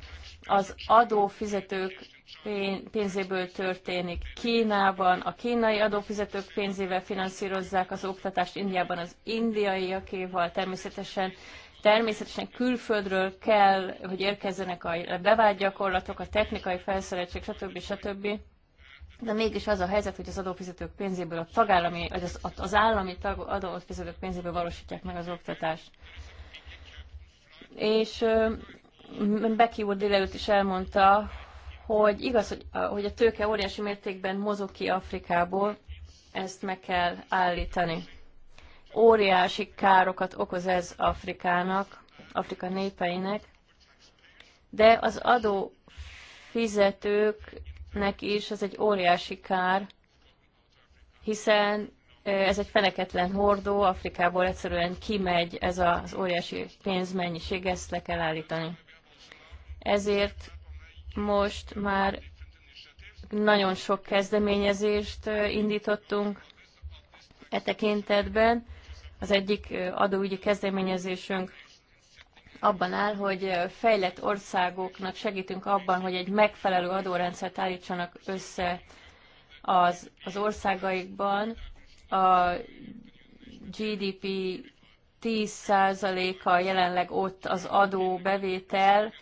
az adófizetők pénzéből történik. Kínában a kínai adófizetők pénzével finanszírozzák az oktatást, Indiában az indiaiakéval természetesen Természetesen külföldről kell, hogy érkezzenek a bevált gyakorlatok, a technikai felszereltség, stb. stb. De mégis az a helyzet, hogy az adófizetők pénzéből a tagállami, az, az állami tag, adófizetők pénzéből valósítják meg az oktatást. És Becky úr délelőtt is elmondta, hogy igaz, hogy a, hogy a tőke óriási mértékben mozog ki Afrikából, ezt meg kell állítani. Óriási károkat okoz ez Afrikának, Afrika népeinek, de az adó fizetőknek is ez egy óriási kár, hiszen ez egy feneketlen hordó, Afrikából egyszerűen kimegy ez az óriási pénzmennyiség, ezt le kell állítani. Ezért most már nagyon sok kezdeményezést indítottunk e tekintetben, az egyik adóügyi kezdeményezésünk abban áll, hogy fejlett országoknak segítünk abban, hogy egy megfelelő adórendszert állítsanak össze az, az országaikban. A GDP 10%-a jelenleg ott az adóbevétel,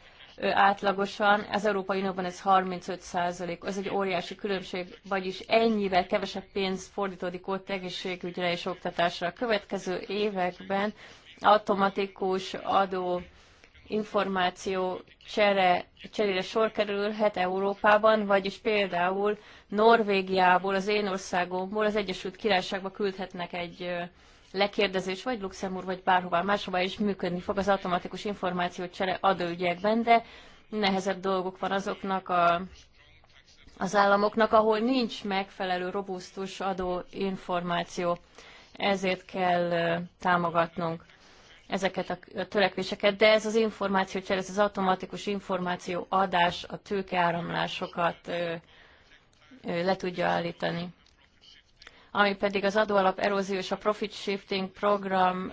átlagosan, az Európai Unióban ez 35 százalék, ez egy óriási különbség, vagyis ennyivel kevesebb pénz fordítódik ott egészségügyre és oktatásra. A következő években automatikus adó információ csere, cserére sor kerülhet Európában, vagyis például Norvégiából, az én országomból, az Egyesült Királyságba küldhetnek egy lekérdezés, vagy Luxemburg, vagy bárhová máshova is működni fog az automatikus csere adóügyekben, de nehezebb dolgok van azoknak a, az államoknak, ahol nincs megfelelő robusztus adóinformáció. Ezért kell támogatnunk ezeket a törekvéseket, de ez az csere, ez az automatikus információ adás a tőkeáramlásokat le tudja állítani ami pedig az adóalap erózió és a profit shifting program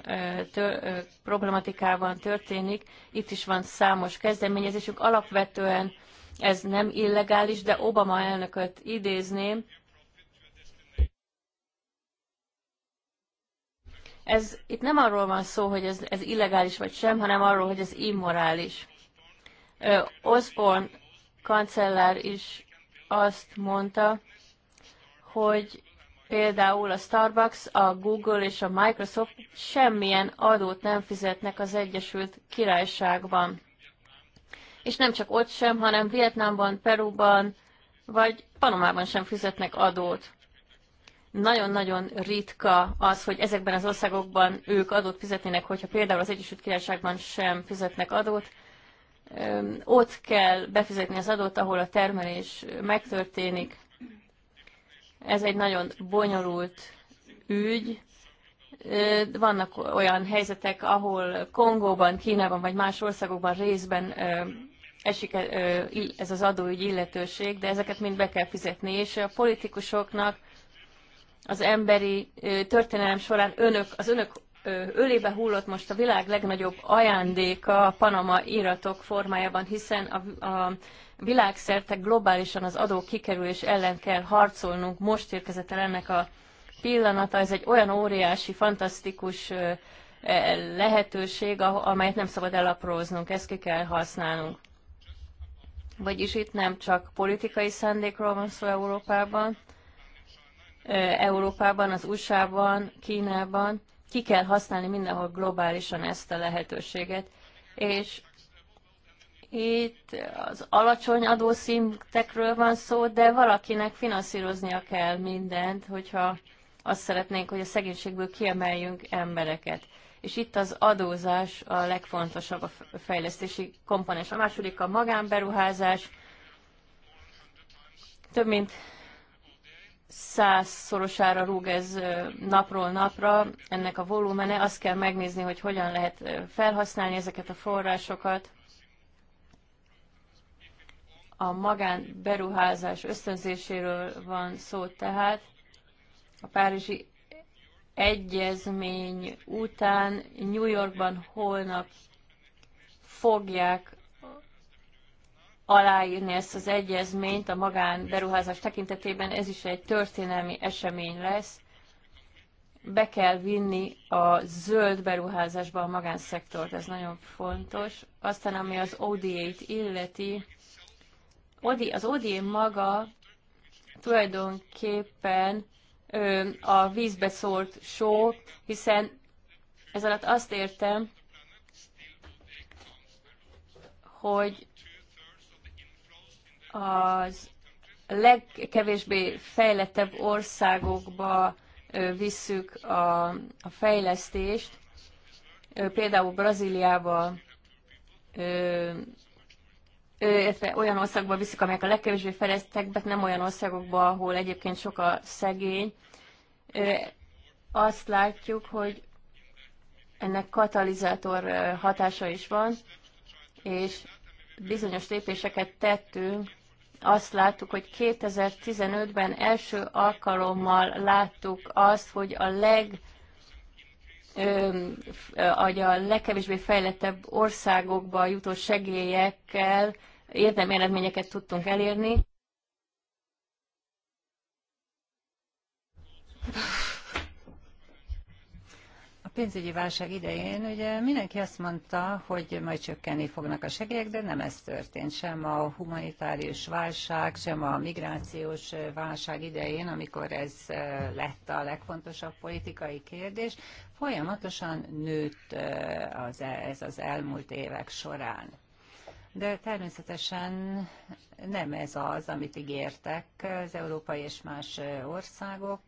tör, problematikában történik. Itt is van számos kezdeményezésünk. Alapvetően ez nem illegális, de Obama elnököt idézném, ez, itt nem arról van szó, hogy ez, ez illegális vagy sem, hanem arról, hogy ez immorális. Osborne kancellár is azt mondta, hogy Például a Starbucks, a Google és a Microsoft semmilyen adót nem fizetnek az Egyesült Királyságban. És nem csak ott sem, hanem Vietnámban, Perúban, vagy Panamában sem fizetnek adót. Nagyon-nagyon ritka az, hogy ezekben az országokban ők adót fizetnének, hogyha például az Egyesült Királyságban sem fizetnek adót. Ott kell befizetni az adót, ahol a termelés megtörténik. Ez egy nagyon bonyolult ügy. Vannak olyan helyzetek, ahol Kongóban, Kínában vagy más országokban részben esik ez az adóügy illetőség, de ezeket mind be kell fizetni, és a politikusoknak az emberi történelem során önök, az önök ölébe hullott most a világ legnagyobb ajándéka a Panama iratok formájában, hiszen a, a világszerte globálisan az adó kikerülés ellen kell harcolnunk. Most érkezett el ennek a pillanata, ez egy olyan óriási, fantasztikus e, lehetőség, amelyet nem szabad elapróznunk, ezt ki kell használnunk. Vagyis itt nem csak politikai szándékról van szó Európában, Európában, az USA-ban, Kínában, ki kell használni mindenhol globálisan ezt a lehetőséget, és itt az alacsony adószintekről van szó, de valakinek finanszíroznia kell mindent, hogyha azt szeretnénk, hogy a szegénységből kiemeljünk embereket. És itt az adózás a legfontosabb a fejlesztési komponens. A második a magánberuházás. Több mint százszorosára rúg ez napról napra, ennek a volumene, azt kell megnézni, hogy hogyan lehet felhasználni ezeket a forrásokat a magánberuházás ösztönzéséről van szó tehát. A Párizsi Egyezmény után New Yorkban holnap fogják aláírni ezt az egyezményt a magánberuházás tekintetében. Ez is egy történelmi esemény lesz. Be kell vinni a zöld beruházásba a magánszektort, ez nagyon fontos. Aztán ami az ODA-t illeti, Odi, az Odi maga tulajdonképpen ö, a vízbe szólt só, hiszen ez alatt azt értem, hogy az legkevésbé fejlettebb országokba visszük a, a fejlesztést, például Brazíliába illetve olyan országba viszik, amelyek a legkevésbé fejlesztek, de nem olyan országokba, ahol egyébként sok a szegény. Azt látjuk, hogy ennek katalizátor hatása is van, és bizonyos lépéseket tettünk. Azt láttuk, hogy 2015-ben első alkalommal láttuk azt, hogy a leg a legkevésbé fejlettebb országokba jutó segélyekkel érdemi eredményeket tudtunk elérni. A pénzügyi válság idején ugye mindenki azt mondta, hogy majd csökkenni fognak a segélyek, de nem ez történt. Sem a humanitárius válság, sem a migrációs válság idején, amikor ez eh, lett a legfontosabb politikai kérdés, folyamatosan nőtt eh, az, e- ez az elmúlt évek során de természetesen nem ez az, amit ígértek az európai és más országok.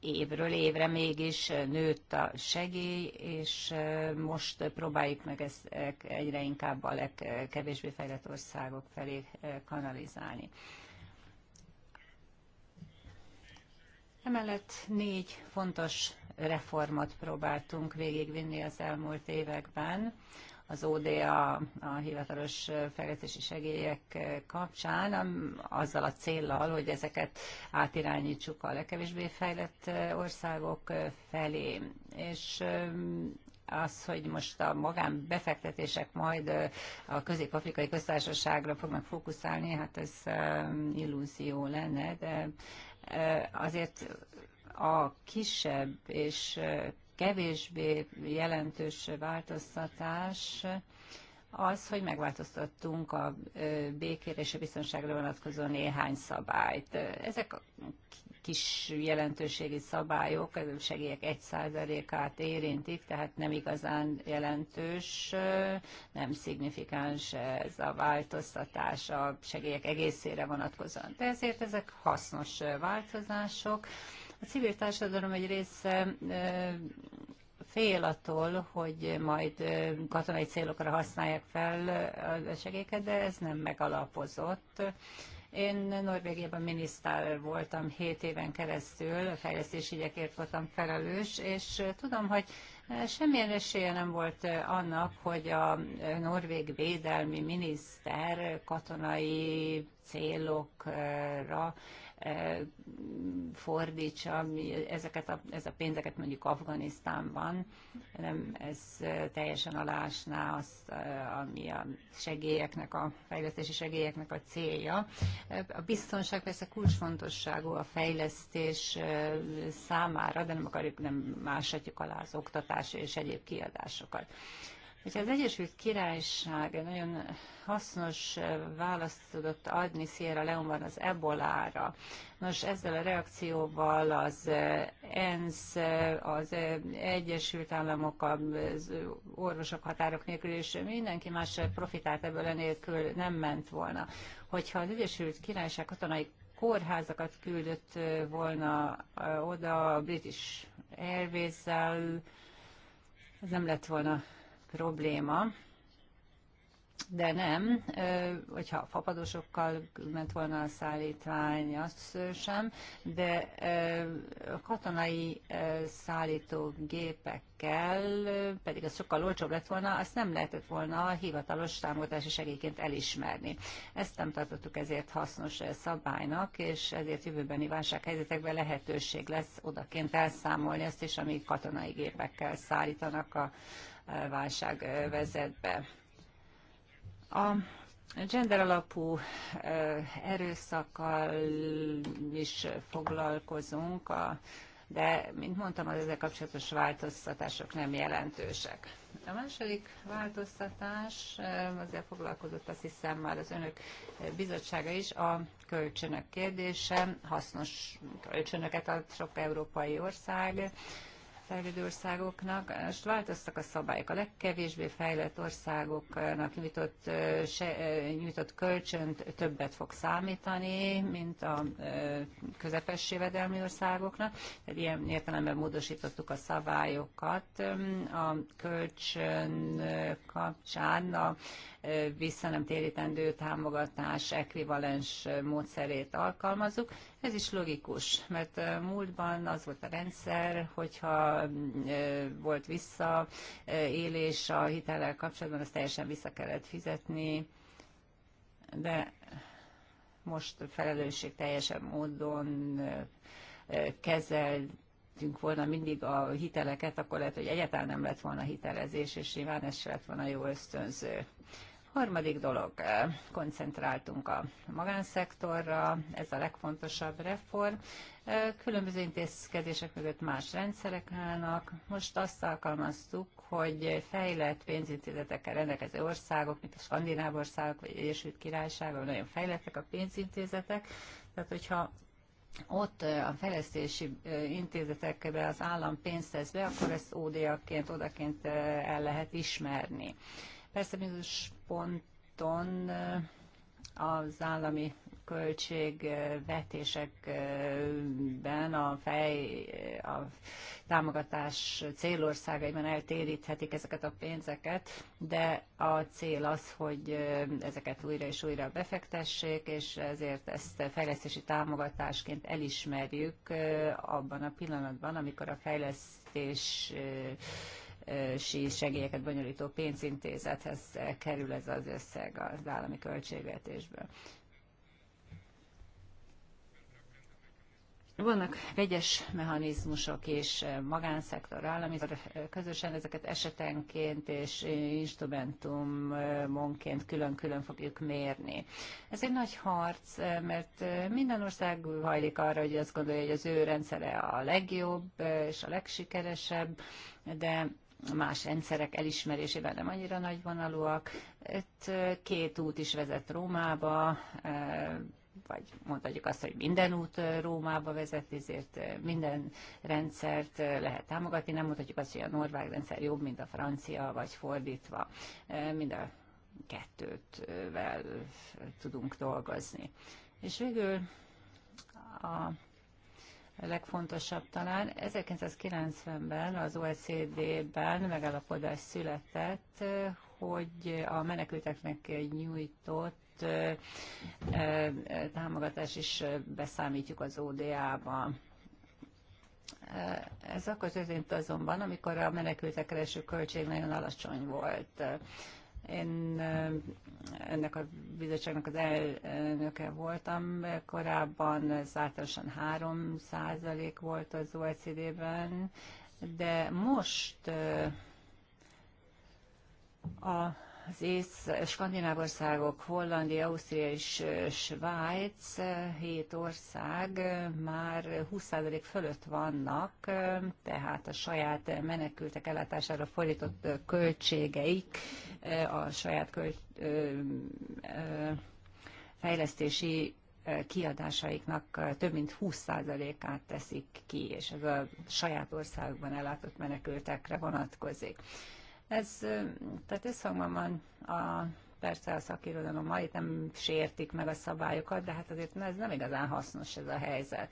Évről évre mégis nőtt a segély, és most próbáljuk meg ezt egyre inkább a legkevésbé fejlett országok felé kanalizálni. Emellett négy fontos reformot próbáltunk végigvinni az elmúlt években az ODA, a hivatalos fejlesztési segélyek kapcsán, azzal a céllal, hogy ezeket átirányítsuk a legkevésbé fejlett országok felé. És az, hogy most a magánbefektetések majd a közép-afrikai köztársaságra fognak fókuszálni, hát ez illúzió lenne, de azért a kisebb és kevésbé jelentős változtatás az, hogy megváltoztattunk a békére és a biztonságra vonatkozó néhány szabályt. Ezek a kis jelentőségi szabályok, segélyek egy százalékát érintik, tehát nem igazán jelentős, nem szignifikáns ez a változtatás a segélyek egészére vonatkozóan. De ezért ezek hasznos változások, a civil társadalom egy része fél attól, hogy majd katonai célokra használják fel a segélyeket, de ez nem megalapozott. Én Norvégiában miniszter voltam 7 éven keresztül, fejlesztési ügyekért voltam felelős, és tudom, hogy semmilyen esélye nem volt annak, hogy a norvég védelmi miniszter katonai célokra E, fordítsa ezeket a, ez a pénzeket mondjuk Afganisztánban, nem ez teljesen alásná azt, e, ami a segélyeknek, a fejlesztési segélyeknek a célja. A biztonság persze kulcsfontosságú a fejlesztés e, számára, de nem akarjuk, nem másatjuk alá az oktatás és egyéb kiadásokat. Hogyha az Egyesült Királyság nagyon hasznos választ tudott adni Sierra Leone-ban az ebolára, nos ezzel a reakcióval az ENSZ, az Egyesült Államok, az orvosok határok nélkül, és mindenki más profitált ebből enélkül nem ment volna. Hogyha az Egyesült Királyság katonai kórházakat küldött volna eh, oda a British Airways-zel, ez nem lett volna probléma, de nem, hogyha fapadosokkal ment volna a szállítvány, az sem, de katonai szállítógépekkel, pedig az sokkal olcsóbb lett volna, azt nem lehetett volna hivatalos támogatási segélyként elismerni. Ezt nem tartottuk ezért hasznos szabálynak, és ezért jövőbeni válsághelyzetekben lehetőség lesz odaként elszámolni azt is, ami katonai gépekkel szállítanak a válság vezet be. A gender alapú erőszakkal is foglalkozunk, a, de, mint mondtam, az ezzel kapcsolatos változtatások nem jelentősek. A második változtatás, ezzel foglalkozott azt hiszem már az önök bizottsága is, a kölcsönök kérdése. Hasznos kölcsönöket ad sok európai ország, fejlődő országoknak. Most változtak a szabályok. A legkevésbé fejlett országoknak nyújtott, se, nyújtott kölcsönt többet fog számítani, mint a közepes jövedelmi országoknak. Tehát ilyen értelemben módosítottuk a szabályokat. A kölcsön kapcsán a vissza nem térítendő támogatás ekvivalens módszerét alkalmazzuk, ez is logikus, mert múltban az volt a rendszer, hogyha volt visszaélés a hitellel kapcsolatban, azt teljesen vissza kellett fizetni, de most felelősség teljesen módon kezeltünk volna mindig a hiteleket, akkor lehet, hogy egyáltalán nem lett volna hitelezés, és nyilván ez se lett volna jó ösztönző. Harmadik dolog, koncentráltunk a magánszektorra, ez a legfontosabb reform. Különböző intézkedések mögött más rendszerek állnak. Most azt alkalmaztuk, hogy fejlett pénzintézetekkel rendelkező országok, mint a Skandináv országok vagy Egyesült Királyság, nagyon fejlettek a pénzintézetek. Tehát, hogyha ott a fejlesztési intézetekbe az állam pénzt tesz be, akkor ezt ODA-ként, odaként el lehet ismerni. Persze bizonyos ponton az állami költségvetésekben a fej, a támogatás célországaiban eltéríthetik ezeket a pénzeket, de a cél az, hogy ezeket újra és újra befektessék, és ezért ezt fejlesztési támogatásként elismerjük abban a pillanatban, amikor a fejlesztés fejlesztési segélyeket bonyolító pénzintézethez kerül ez az összeg az állami költségvetésből. Vannak vegyes mechanizmusok és magánszektor, állami, közösen ezeket esetenként és instrumentumonként külön-külön fogjuk mérni. Ez egy nagy harc, mert minden ország hajlik arra, hogy azt gondolja, hogy az ő rendszere a legjobb és a legsikeresebb, de más rendszerek elismerésében nem annyira nagyvonalúak. Itt két út is vezet Rómába, vagy mondhatjuk azt, hogy minden út Rómába vezet, ezért minden rendszert lehet támogatni, nem mondhatjuk azt, hogy a norvég rendszer jobb, mint a francia, vagy fordítva. Mind a kettőtvel tudunk dolgozni. És végül a legfontosabb talán. 1990-ben az OECD-ben megállapodás született, hogy a menekülteknek nyújtott támogatás is beszámítjuk az ODA-ba. Ez akkor történt azonban, amikor a menekültek kereső költség nagyon alacsony volt. Én ennek a bizottságnak az elnöke voltam korábban, ez általánosan 3 volt az OECD-ben, de most a az ész, skandináv országok, Hollandia, Ausztria és Svájc, hét ország már 20% fölött vannak, tehát a saját menekültek ellátására fordított költségeik, a saját költ, fejlesztési kiadásaiknak több mint 20%-át teszik ki, és ez a saját országban ellátott menekültekre vonatkozik. Ez tehát összhangban van a persze a szakirodalom ma itt nem sértik meg a szabályokat, de hát azért ez nem igazán hasznos ez a helyzet.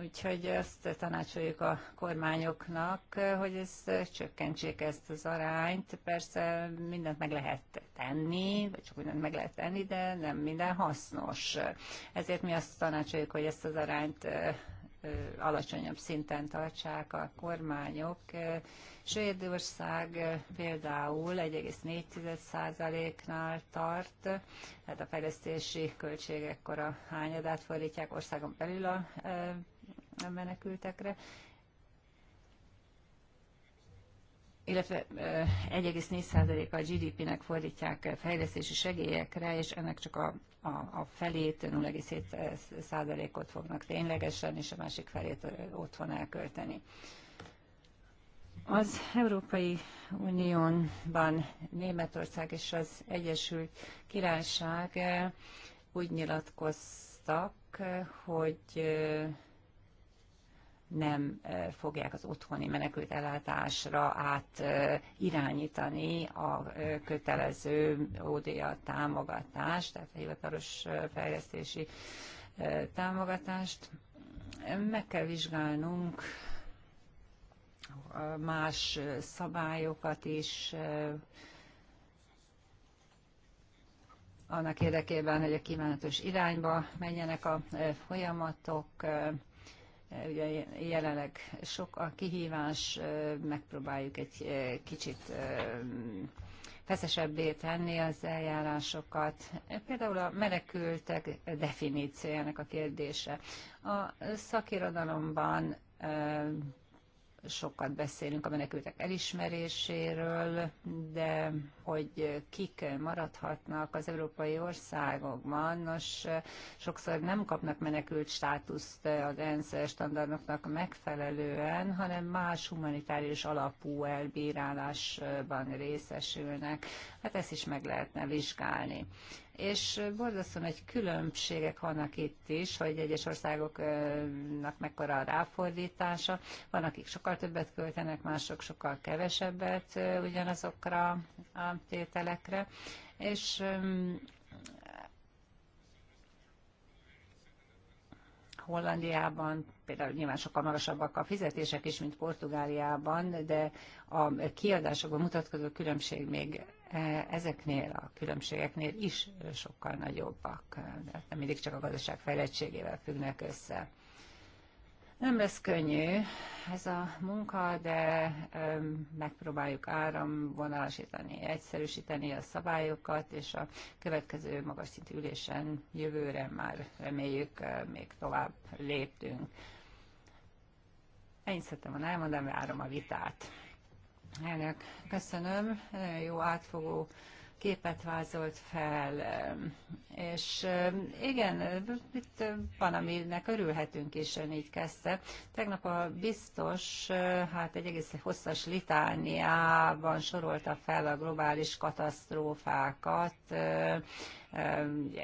Úgyhogy azt tanácsoljuk a kormányoknak, hogy ez csökkentsék ezt az arányt. Persze mindent meg lehet tenni, vagy csak mindent meg lehet tenni, de nem minden hasznos. Ezért mi azt tanácsoljuk, hogy ezt az arányt alacsonyabb szinten tartsák a kormányok, Svédország eh, például 1,4%-nál tart, tehát a fejlesztési költségek a hányadát fordítják országon belül a eh, menekültekre, illetve 1,4% eh, a GDP-nek fordítják fejlesztési segélyekre, és ennek csak a, a, a felét, 0,7%-ot fognak ténylegesen, és a másik felét otthon elkölteni. Az Európai Uniónban Németország és az Egyesült Királyság eh, úgy nyilatkoztak, hogy eh, nem eh, fogják az otthoni menekült ellátásra át irányítani a kötelező ODA támogatást, tehát a hivatalos fejlesztési támogatást. Meg kell vizsgálnunk más szabályokat is annak érdekében, hogy a kimenetős irányba menjenek a folyamatok. Ugye jelenleg sok a kihívás, megpróbáljuk egy kicsit feszesebbé tenni az eljárásokat. Például a menekültek definíciójának a kérdése. A szakirodalomban sokat beszélünk a menekültek elismeréséről, de hogy kik maradhatnak az európai országokban, nos, sokszor nem kapnak menekült státuszt az ENSZ standardoknak megfelelően, hanem más humanitárius alapú elbírálásban részesülnek. Hát ezt is meg lehetne vizsgálni és borzasztóan egy különbségek vannak itt is, hogy egyes országoknak mekkora a ráfordítása. Van, akik sokkal többet költenek, mások sokkal kevesebbet ugyanazokra a tételekre. És Hollandiában például nyilván sokkal magasabbak a fizetések is, mint Portugáliában, de a kiadásokban mutatkozó különbség még Eh, ezeknél a különbségeknél is sokkal nagyobbak. mert eh, nem mindig csak a gazdaság fejlettségével függnek össze. Nem lesz könnyű ez a munka, de megpróbáljuk áramvonalasítani, egyszerűsíteni a szabályokat, és a következő magas szintű ülésen jövőre már reméljük eh, még tovább léptünk. Ennyit szerettem volna elmondani, várom a vitát. Elnök, köszönöm. Nagyon jó átfogó képet vázolt fel, és eh, igen, itt van, aminek örülhetünk is, ön így kezdte. Tegnap a biztos, eh, hát egy egész hosszas litániában sorolta fel a globális katasztrófákat, eh,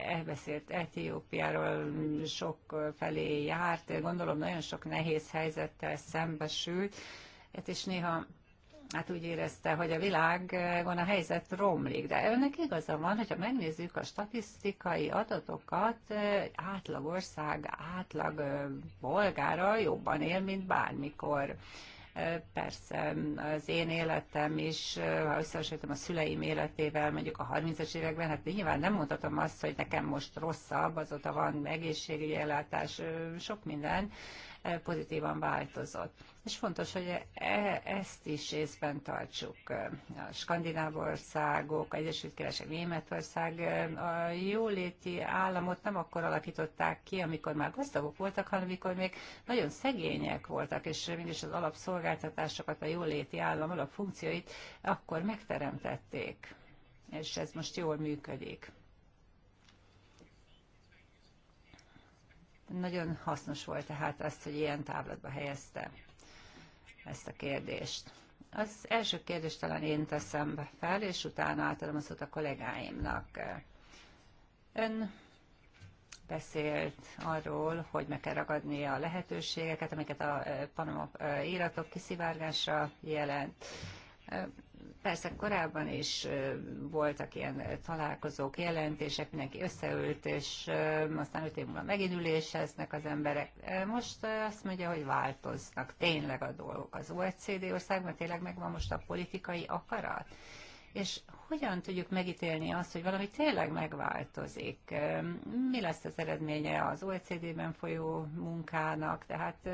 elbeszélt Etiópiáról, sok felé járt, gondolom nagyon sok nehéz helyzettel szembesült, hát és néha hát úgy érezte, hogy a világon eh, a helyzet romlik. De önnek igaza van, hogyha megnézzük a statisztikai adatokat, átlagország, eh, átlag bolgára eh, jobban él, mint bármikor. Persze, az én életem is, ha összehasonlítom a szüleim életével, mondjuk a 30 es években, hát nyilván nem mondhatom azt, hogy nekem most rosszabb, azóta van egészségügyi ellátás, sok minden, Eh, pozitívan változott. És fontos, hogy e, ezt is észben tartsuk. A skandináv országok, az Egyesült Királyság, Németország eh, a jóléti államot nem akkor alakították ki, amikor már gazdagok voltak, hanem amikor még nagyon szegények voltak, és mégis az alapszolgáltatásokat, a jóléti állam alapfunkcióit akkor megteremtették. És ez most jól működik. Nagyon hasznos volt tehát azt, hogy ilyen távlatba helyezte ezt a kérdést. Az első kérdést talán én teszem fel, és utána átadom a szót a kollégáimnak. Ön beszélt arról, hogy meg kell ragadni a lehetőségeket, amiket a Panama íratok kiszivárgásra jelent. Persze korábban is voltak ilyen találkozók, jelentések, mindenki összeült, és aztán öt év múlva meginüléseznek az emberek. Most azt mondja, hogy változnak tényleg a dolgok. Az OECD országban tényleg megvan most a politikai akarat? és hogyan tudjuk megítélni azt, hogy valami tényleg megváltozik? Mi lesz az eredménye az OECD-ben folyó munkának? Tehát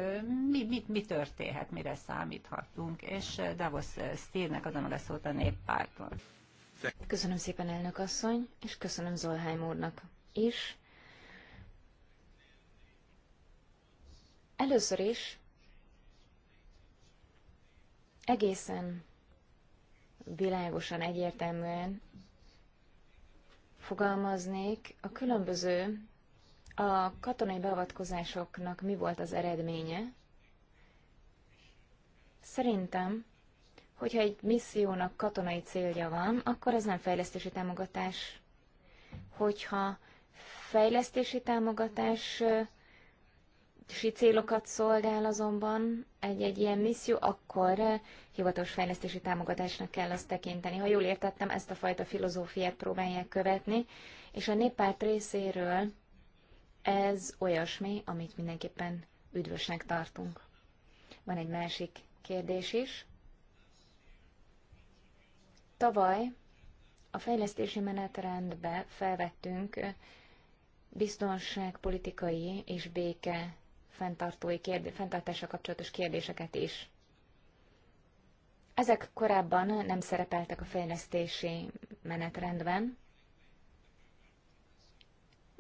mi, mi, mi történhet, mire számíthatunk? És Davos Stírnek adom a szót a néppárton. Köszönöm szépen, elnök asszony, és köszönöm Zolheim úrnak is. Először is egészen világosan, egyértelműen fogalmaznék, a különböző, a katonai beavatkozásoknak mi volt az eredménye. Szerintem, hogyha egy missziónak katonai célja van, akkor ez nem fejlesztési támogatás. Hogyha fejlesztési támogatás Si célokat szolgál azonban egy-egy ilyen misszió, akkor eh, hivatalos fejlesztési támogatásnak kell azt tekinteni. Ha jól értettem, ezt a fajta filozófiát próbálják követni, és a néppárt részéről ez olyasmi, amit mindenképpen üdvösnek tartunk. Van egy másik kérdés is. Tavaly a fejlesztési menetrendbe felvettünk eh, biztonságpolitikai és béke fenntartói kérdé- fenntartással kapcsolatos kérdéseket is. Ezek korábban nem szerepeltek a fejlesztési menetrendben.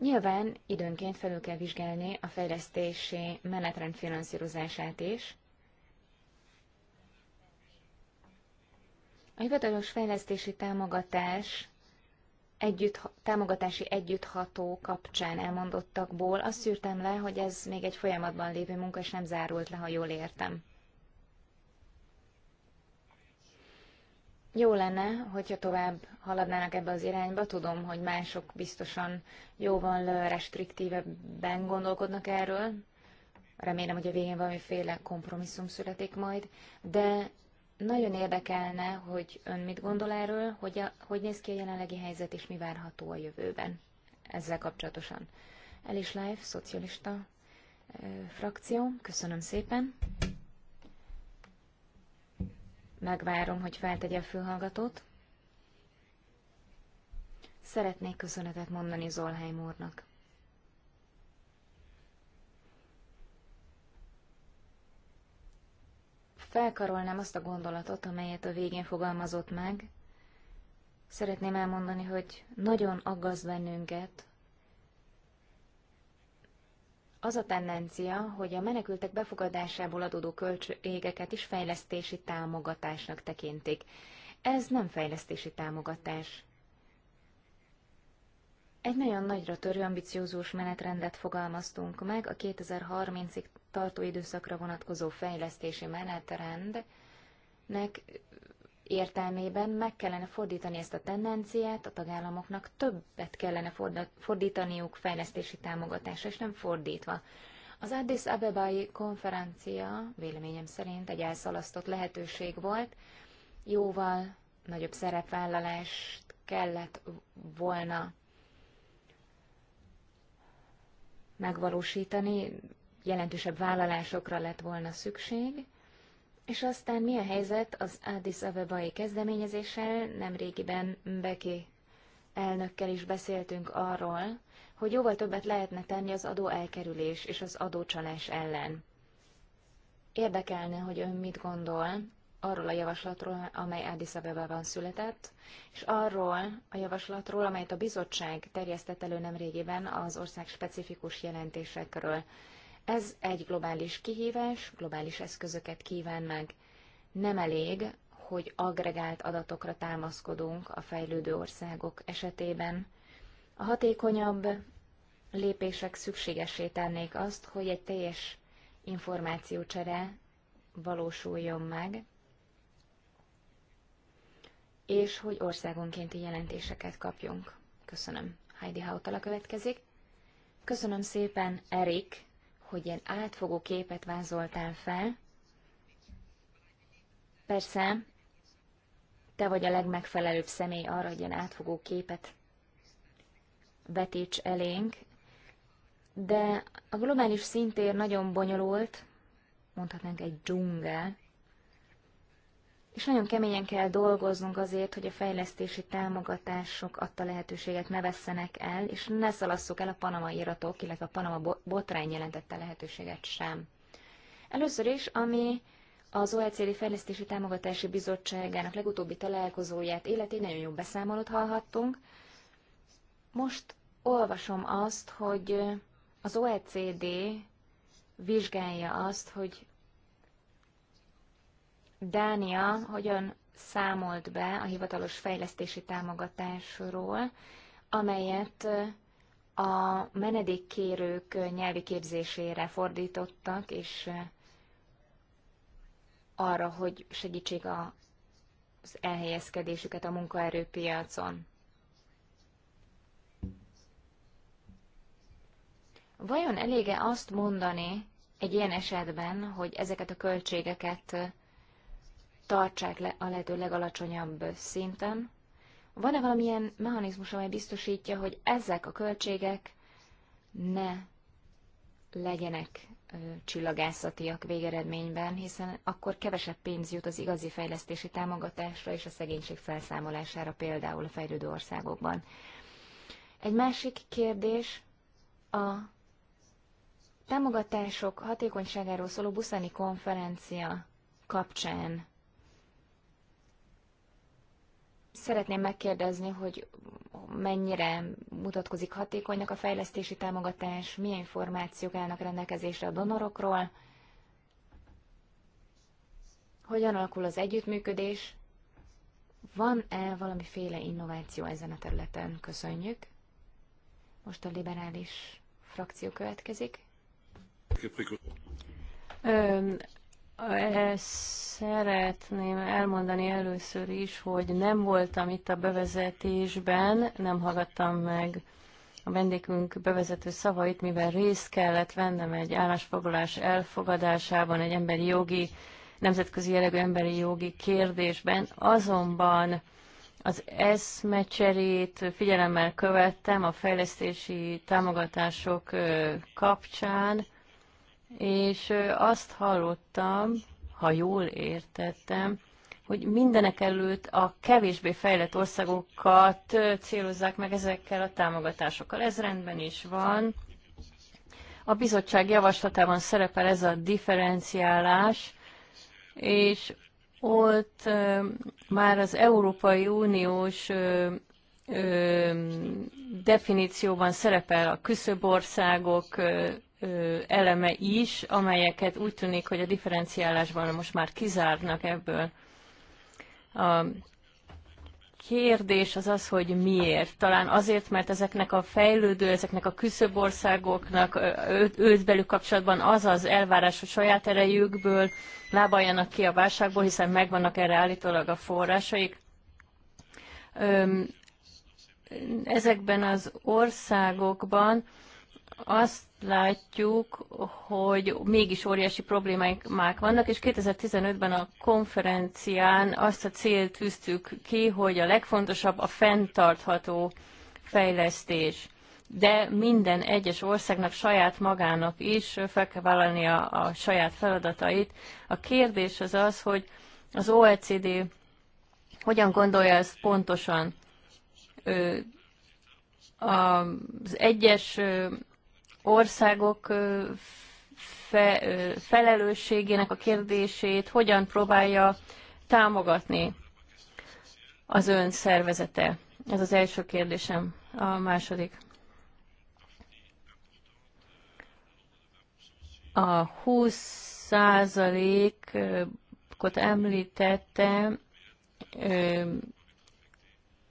Nyilván időnként felül kell vizsgálni a fejlesztési menetrend finanszírozását is. A hivatalos fejlesztési támogatás együtt, támogatási együttható kapcsán elmondottakból azt szűrtem le, hogy ez még egy folyamatban lévő munka, és nem zárult le, ha jól értem. Jó lenne, hogyha tovább haladnának ebbe az irányba. Tudom, hogy mások biztosan jóval restriktívebben gondolkodnak erről. Remélem, hogy a végén valamiféle kompromisszum születik majd, de nagyon érdekelne, hogy ön mit gondol erről, hogy, a, hogy néz ki a jelenlegi helyzet, és mi várható a jövőben ezzel kapcsolatosan. Elis is Life, szocialista ö, frakció, köszönöm szépen. Megvárom, hogy feltegye a fülhallgatót. Szeretnék köszönetet mondani Zolheim úrnak. felkarolnám azt a gondolatot, amelyet a végén fogalmazott meg, szeretném elmondani, hogy nagyon aggaszt bennünket az a tendencia, hogy a menekültek befogadásából adódó költségeket is fejlesztési támogatásnak tekintik. Ez nem fejlesztési támogatás. Egy nagyon nagyra törő ambiciózus menetrendet fogalmaztunk meg, a 2030-ig tartó időszakra vonatkozó fejlesztési menetrendnek értelmében meg kellene fordítani ezt a tendenciát, a tagállamoknak többet kellene fordítaniuk fejlesztési támogatásra, és nem fordítva. Az Addis Abebai konferencia véleményem szerint egy elszalasztott lehetőség volt, jóval nagyobb szerepvállalást kellett volna megvalósítani, jelentősebb vállalásokra lett volna szükség. És aztán mi a helyzet az Addis Abebai kezdeményezéssel? Nemrégiben Beki elnökkel is beszéltünk arról, hogy jóval többet lehetne tenni az adó elkerülés és az adócsalás ellen. Érdekelne, hogy ön mit gondol arról a javaslatról, amely Addis Abebában született, és arról a javaslatról, amelyet a bizottság terjesztett elő nemrégiben az ország specifikus jelentésekről. Ez egy globális kihívás, globális eszközöket kíván meg. Nem elég, hogy agregált adatokra támaszkodunk a fejlődő országok esetében. A hatékonyabb lépések szükségesé tennék azt, hogy egy teljes információcsere valósuljon meg, és hogy országonkénti jelentéseket kapjunk. Köszönöm. Heidi Hautala következik. Köszönöm szépen, Erik, hogy ilyen átfogó képet vázoltál fel. Persze, te vagy a legmegfelelőbb személy arra, hogy ilyen átfogó képet vetíts elénk, de a globális szintér nagyon bonyolult, mondhatnánk egy dzsungel, és nagyon keményen kell dolgoznunk azért, hogy a fejlesztési támogatások adta lehetőséget ne vesszenek el, és ne szalasszuk el a Panama iratok, illetve a Panama botrány jelentette lehetőséget sem. Először is, ami az OECD Fejlesztési Támogatási Bizottságának legutóbbi találkozóját életén nagyon jó beszámolót hallhattunk. Most olvasom azt, hogy az OECD vizsgálja azt, hogy Dánia hogyan számolt be a hivatalos fejlesztési támogatásról, amelyet a menedékkérők nyelvi képzésére fordítottak, és arra, hogy segítsék az elhelyezkedésüket a munkaerőpiacon. Vajon elége azt mondani egy ilyen esetben, hogy ezeket a költségeket tartsák le a lehető legalacsonyabb szinten. Van-e valamilyen mechanizmus, amely biztosítja, hogy ezek a költségek ne legyenek csillagászatiak végeredményben, hiszen akkor kevesebb pénz jut az igazi fejlesztési támogatásra és a szegénység felszámolására például a fejlődő országokban. Egy másik kérdés a támogatások hatékonyságáról szóló buszani konferencia kapcsán Szeretném megkérdezni, hogy mennyire mutatkozik hatékonynak a fejlesztési támogatás, milyen információk állnak rendelkezésre a donorokról, hogyan alakul az együttműködés, van-e valamiféle innováció ezen a területen? Köszönjük. Most a liberális frakció következik. Szeretném elmondani először is, hogy nem voltam itt a bevezetésben, nem hallgattam meg a vendégünk bevezető szavait, mivel részt kellett vennem egy állásfoglalás elfogadásában, egy emberi jogi, nemzetközi jellegű emberi jogi kérdésben, azonban az eszmecserét figyelemmel követtem a fejlesztési támogatások kapcsán, és azt hallottam, ha jól értettem, hogy mindenek előtt a kevésbé fejlett országokat célozzák meg ezekkel a támogatásokkal. Ez rendben is van. A bizottság javaslatában szerepel ez a differenciálás, és ott ö, már az Európai Uniós ö, ö, definícióban szerepel a küszöbországok eleme is, amelyeket úgy tűnik, hogy a differenciálásban most már kizárnak ebből. A kérdés az az, hogy miért. Talán azért, mert ezeknek a fejlődő, ezeknek a őt belül kapcsolatban az az elvárás, hogy saját erejükből lábaljanak ki a válságból, hiszen megvannak erre állítólag a forrásaik. Ezekben az országokban azt látjuk, hogy mégis óriási problémák vannak, és 2015-ben a konferencián azt a célt tűztük ki, hogy a legfontosabb a fenntartható fejlesztés. De minden egyes országnak, saját magának is fel kell vállalnia a saját feladatait. A kérdés az az, hogy az OECD hogyan gondolja ezt pontosan? az egyes országok fe, felelősségének a kérdését hogyan próbálja támogatni az ön szervezete? Ez az első kérdésem. A második. A 20 ot említette,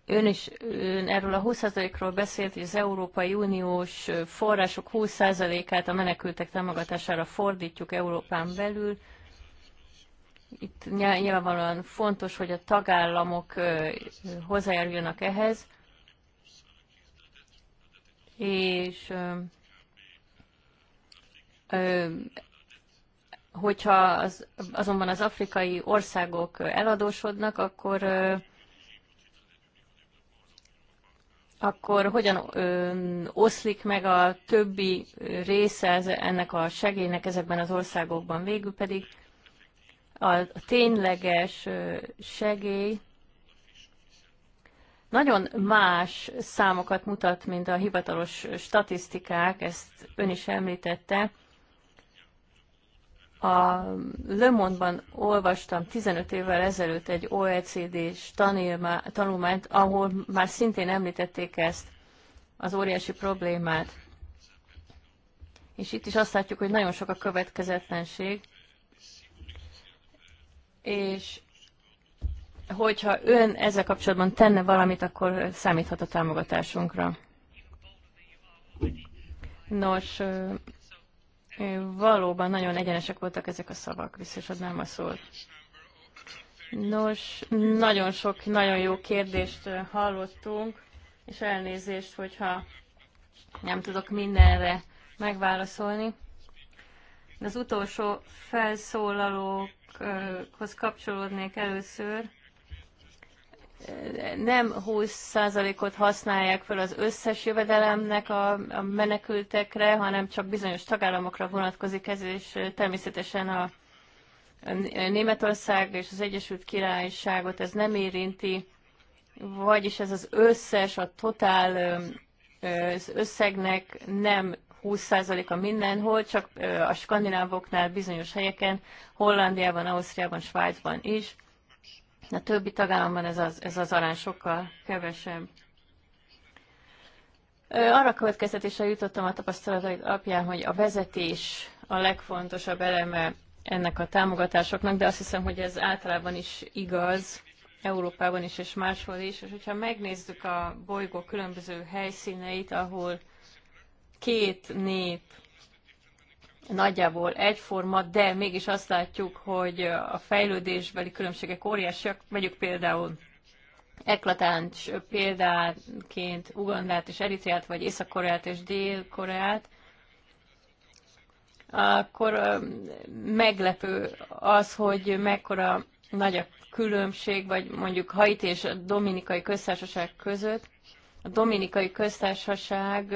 Ön is ön erről a 20%-ról beszélt, hogy az Európai Uniós források 20%-át a menekültek támogatására fordítjuk Európán belül. Itt nyilvánvalóan fontos, hogy a tagállamok hozzájárjanak ehhez, és hogyha az, azonban az afrikai országok eladósodnak, akkor akkor hogyan ö, oszlik meg a többi része ennek a segélynek ezekben az országokban. Végül pedig a tényleges segély nagyon más számokat mutat, mint a hivatalos statisztikák, ezt ön is említette. A Le Monde-ban olvastam 15 évvel ezelőtt egy OECD-s tanulmányt, ahol már szintén említették ezt, az óriási problémát. És itt is azt látjuk, hogy nagyon sok a következetlenség, és hogyha ön ezzel kapcsolatban tenne valamit, akkor számíthat a támogatásunkra. Nos, Valóban nagyon egyenesek voltak ezek a szavak, visszaadnám a szót. Nos, nagyon sok, nagyon jó kérdést hallottunk, és elnézést, hogyha nem tudok mindenre megválaszolni. De az utolsó felszólalókhoz kapcsolódnék először nem 20%-ot használják fel az összes jövedelemnek a, a menekültekre, hanem csak bizonyos tagállamokra vonatkozik ez, és természetesen a Németország és az Egyesült Királyságot ez nem érinti, vagyis ez az összes, a totál az összegnek nem 20%-a mindenhol, csak a skandinávoknál bizonyos helyeken, Hollandiában, Ausztriában, Svájcban is a többi tagállamban ez az, ez az arány sokkal kevesebb. Arra következtetésre jutottam a tapasztalataik alapján, hogy a vezetés a legfontosabb eleme ennek a támogatásoknak, de azt hiszem, hogy ez általában is igaz, Európában is és máshol is, és hogyha megnézzük a bolygó különböző helyszíneit, ahol két nép nagyjából egyforma, de mégis azt látjuk, hogy a fejlődésbeli különbségek óriásiak. Vegyük például eklatáns példáként Ugandát és Eritreát, vagy Észak-Koreát és Dél-Koreát, akkor meglepő az, hogy mekkora nagy a különbség, vagy mondjuk Haiti és a Dominikai Köztársaság között. A Dominikai Köztársaság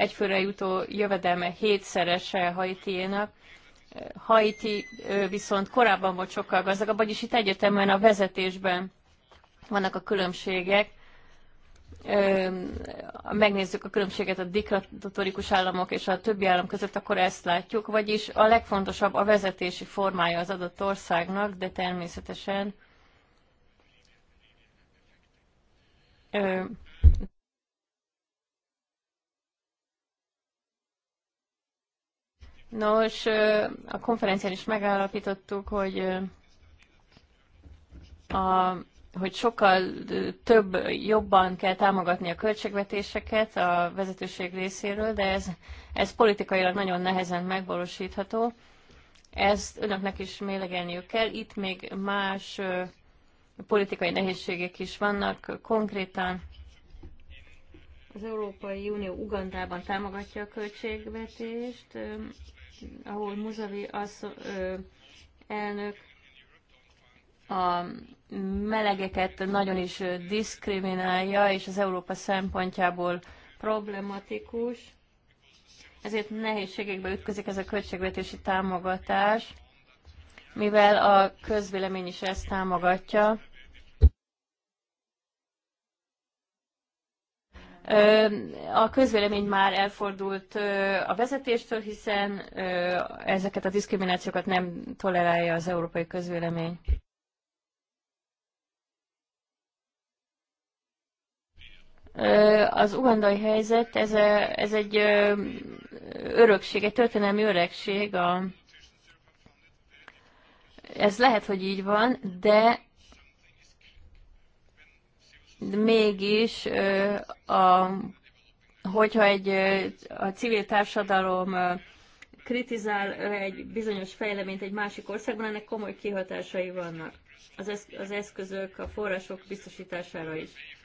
egyfőre jutó jövedelme hétszerese Haitiénak. Haiti viszont korábban volt sokkal gazdagabb, vagyis itt egyetemen a vezetésben vannak a különbségek. Megnézzük a különbséget a diktatórikus államok és a többi állam között, akkor ezt látjuk. Vagyis a legfontosabb a vezetési formája az adott országnak, de természetesen Nos, a konferencián is megállapítottuk, hogy a, hogy sokkal több, jobban kell támogatni a költségvetéseket a vezetőség részéről, de ez, ez politikailag nagyon nehezen megvalósítható. Ezt önöknek is mélegelniük kell. Itt még más politikai nehézségek is vannak. Konkrétan az Európai Unió Ugandában támogatja a költségvetést, ahol Muzavi az, ö, elnök a melegeket nagyon is diszkriminálja, és az Európa szempontjából problematikus. Ezért nehézségekbe ütközik ez a költségvetési támogatás, mivel a közvélemény is ezt támogatja A közvélemény már elfordult a vezetéstől, hiszen ezeket a diszkriminációkat nem tolerálja az európai közvélemény. Az ugandai helyzet, ez, a, ez egy örökség, egy történelmi örökség. A, ez lehet, hogy így van, de de mégis a, hogyha egy a civil társadalom kritizál egy bizonyos fejleményt egy másik országban, ennek komoly kihatásai vannak. Az, az eszközök, a források biztosítására is.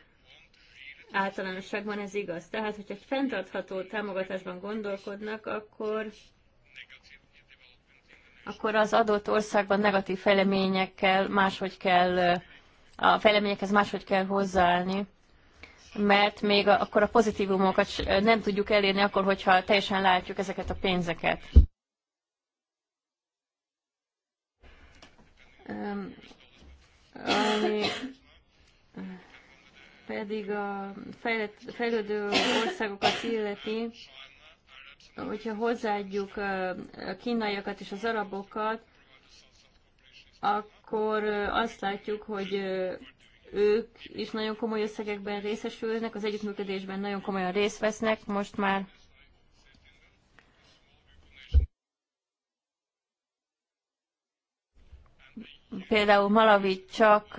Általánosságban ez igaz. Tehát, hogyha egy fenntartható támogatásban gondolkodnak, akkor akkor az adott országban negatív fejleményekkel máshogy kell a fejleményekhez máshogy kell hozzáállni, mert még akkor a pozitívumokat nem tudjuk elérni, akkor, hogyha teljesen látjuk ezeket a pénzeket. Ami pedig a fejlett, fejlődő országokat illeti, hogyha hozzáadjuk a kínaiakat és az arabokat, akkor akkor azt látjuk, hogy ők is nagyon komoly összegekben részesülnek, az együttműködésben nagyon komolyan részt vesznek, most már például Malavi csak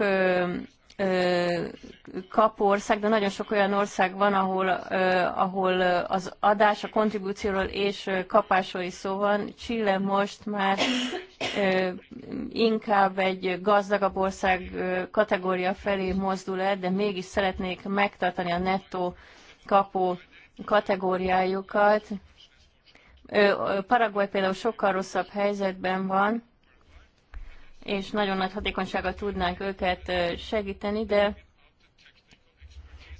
kap ország, de nagyon sok olyan ország van, ahol, ahol az adás, a kontribúcióról és kapásról is szó van. Chile most már inkább egy gazdagabb ország kategória felé mozdul el, de mégis szeretnék megtartani a nettó kapó kategóriájukat. Paraguay például sokkal rosszabb helyzetben van, és nagyon nagy hatékonysággal tudnánk őket segíteni, de,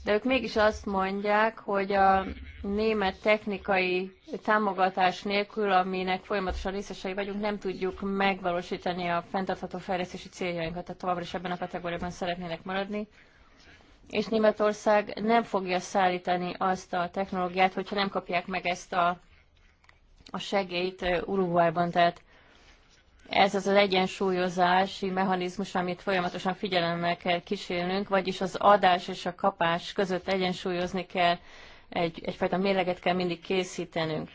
de ők mégis azt mondják, hogy a német technikai támogatás nélkül, aminek folyamatosan részesei vagyunk, nem tudjuk megvalósítani a fenntartható fejlesztési céljainkat, tehát továbbra is ebben a kategóriában szeretnének maradni és Németország nem fogja szállítani azt a technológiát, hogyha nem kapják meg ezt a, a segélyt Uruguayban. Tehát ez az az egyensúlyozási mechanizmus, amit folyamatosan figyelemmel kell kísérnünk, vagyis az adás és a kapás között egyensúlyozni kell, egy, egyfajta mérleget kell mindig készítenünk.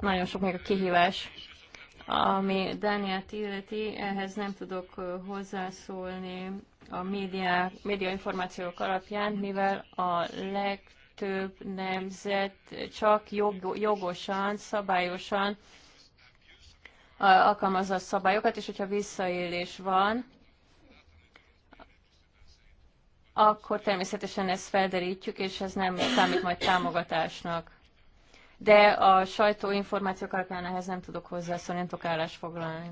Nagyon sok még a kihívás. Ami Dániát illeti, ehhez nem tudok hozzászólni a média, média információk alapján, mivel a leg legtöbb nemzet csak jog, jogosan, szabályosan alkalmazza a szabályokat, és hogyha visszaélés van, akkor természetesen ezt felderítjük, és ez nem számít majd támogatásnak. De a sajtó információk alapján ehhez nem tudok hozzászólni, nem tudok állásfoglalni.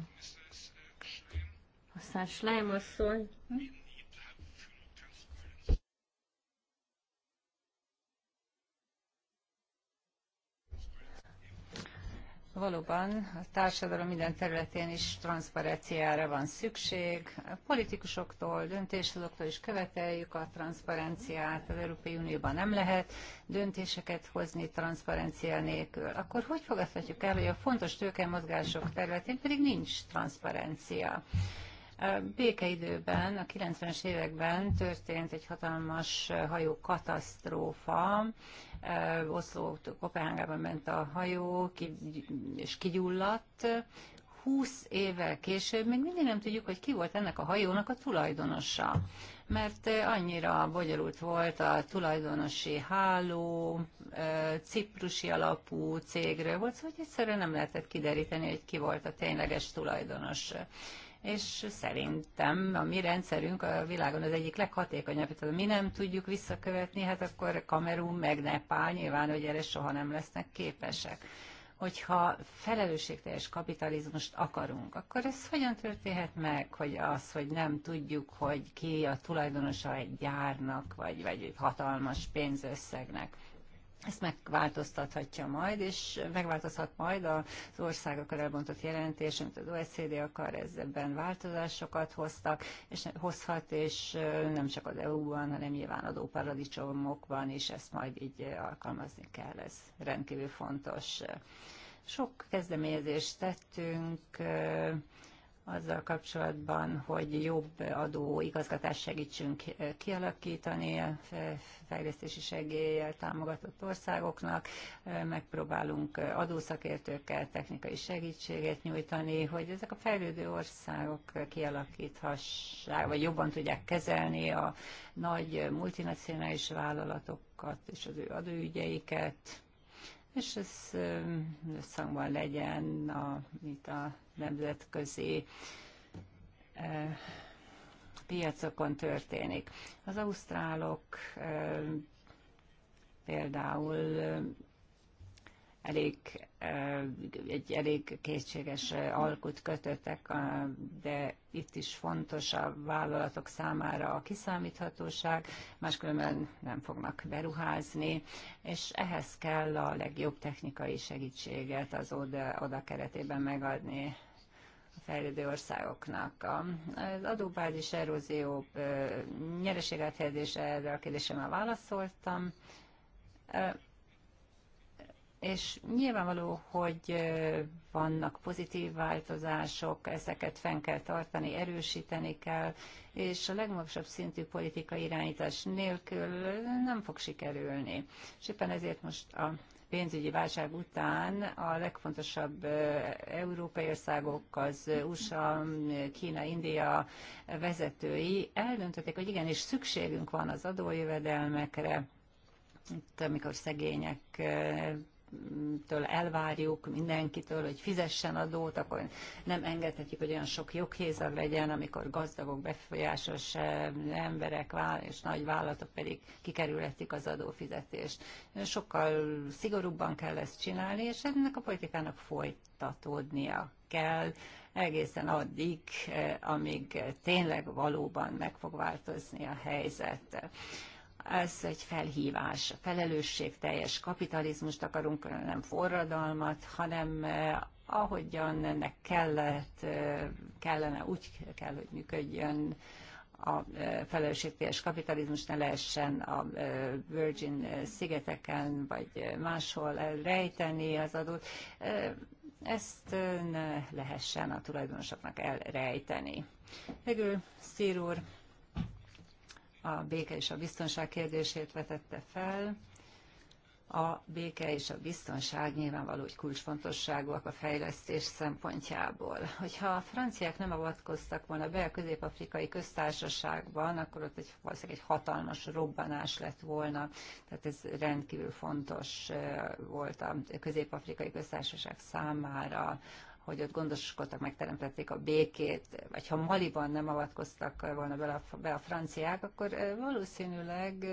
Aztán Schleim asszony. Hm? Valóban a társadalom minden területén is transzparenciára van szükség. A politikusoktól, döntéshozóktól is követeljük a transzparenciát. Az Európai Unióban nem lehet döntéseket hozni transzparencia nélkül. Akkor hogy fogadhatjuk el, hogy a fontos tőkemozgások területén pedig nincs transzparencia? Békeidőben, a 90-es években történt egy hatalmas hajó katasztrófa. Oszló, Kopenhágában ment a hajó, és kigyulladt. 20 évvel később még mindig nem tudjuk, hogy ki volt ennek a hajónak a tulajdonosa mert annyira bonyolult volt a tulajdonosi háló, ciprusi alapú cégről volt, szóval hogy egyszerűen nem lehetett kideríteni, hogy ki volt a tényleges tulajdonos és szerintem a mi rendszerünk a világon az egyik leghatékonyabb. Tehát mi nem tudjuk visszakövetni, hát akkor Kamerun meg Nepál nyilván, hogy erre soha nem lesznek képesek hogyha felelősségteljes kapitalizmust akarunk, akkor ez hogyan történhet meg, hogy az, hogy nem tudjuk, hogy ki a tulajdonosa egy gyárnak, vagy, vagy egy hatalmas pénzösszegnek ezt megváltoztathatja majd, és megváltozhat majd az országokra elbontott jelentés, amit az OECD akar, ez ebben változásokat hoztak, és hozhat, és nem csak az EU-ban, hanem nyilván adóparadicsomokban is ezt majd így alkalmazni kell, ez rendkívül fontos. Sok kezdeményezést tettünk, azzal kapcsolatban, hogy jobb adó igazgatást segítsünk kialakítani a fejlesztési segéllyel támogatott országoknak. Megpróbálunk adószakértőkkel technikai segítséget nyújtani, hogy ezek a fejlődő országok kialakíthassák, vagy jobban tudják kezelni a nagy multinacionális vállalatokat és az ő adóügyeiket és ez összhangban legyen a, itt a nemzetközi piacokon történik. Az ausztrálok például elég, egy elég készséges alkut kötöttek, de itt is fontos a vállalatok számára a kiszámíthatóság, máskülönben nem fognak beruházni, és ehhez kell a legjobb technikai segítséget az ODA, ODA keretében megadni a fejlődő országoknak. Az adóbázis erózió, helyezése erre a kérdésre már válaszoltam és nyilvánvaló, hogy vannak pozitív változások, ezeket fenn kell tartani, erősíteni kell, és a legmagasabb szintű politikai irányítás nélkül nem fog sikerülni. És éppen ezért most a pénzügyi válság után a legfontosabb európai országok, az USA, Kína, India vezetői eldöntötték, hogy igenis szükségünk van az adójövedelmekre, itt, amikor szegények től elvárjuk mindenkitől, hogy fizessen adót, akkor nem engedhetjük, hogy olyan sok joghézag legyen, amikor gazdagok, befolyásos emberek és nagy vállalatok pedig kikerülhetik az adófizetést. Sokkal szigorúbban kell ezt csinálni, és ennek a politikának folytatódnia kell egészen addig, eh, amíg tényleg valóban meg fog változni a helyzet. Ez egy felhívás, felelősségteljes kapitalizmust akarunk, nem forradalmat, hanem eh, ahogyan ennek kellett, eh, kellene, úgy kell, hogy működjön, a eh, felelősségteljes kapitalizmus ne lehessen a Virgin szigeteken vagy máshol elrejteni az adót, ezt ne lehessen a tulajdonosoknak elrejteni. Végül Szír úr a béke és a biztonság kérdését vetette fel. A béke és a biztonság nyilvánvaló, hogy kulcsfontosságúak a fejlesztés szempontjából. Hogyha a franciák nem avatkoztak volna be a közép-afrikai köztársaságban, akkor ott egy, valószínűleg egy hatalmas robbanás lett volna. Tehát ez rendkívül fontos eh, volt a közép-afrikai köztársaság számára hogy ott gondoskodtak, megteremtették a békét, vagy ha Maliban nem avatkoztak volna be a, be a franciák, akkor valószínűleg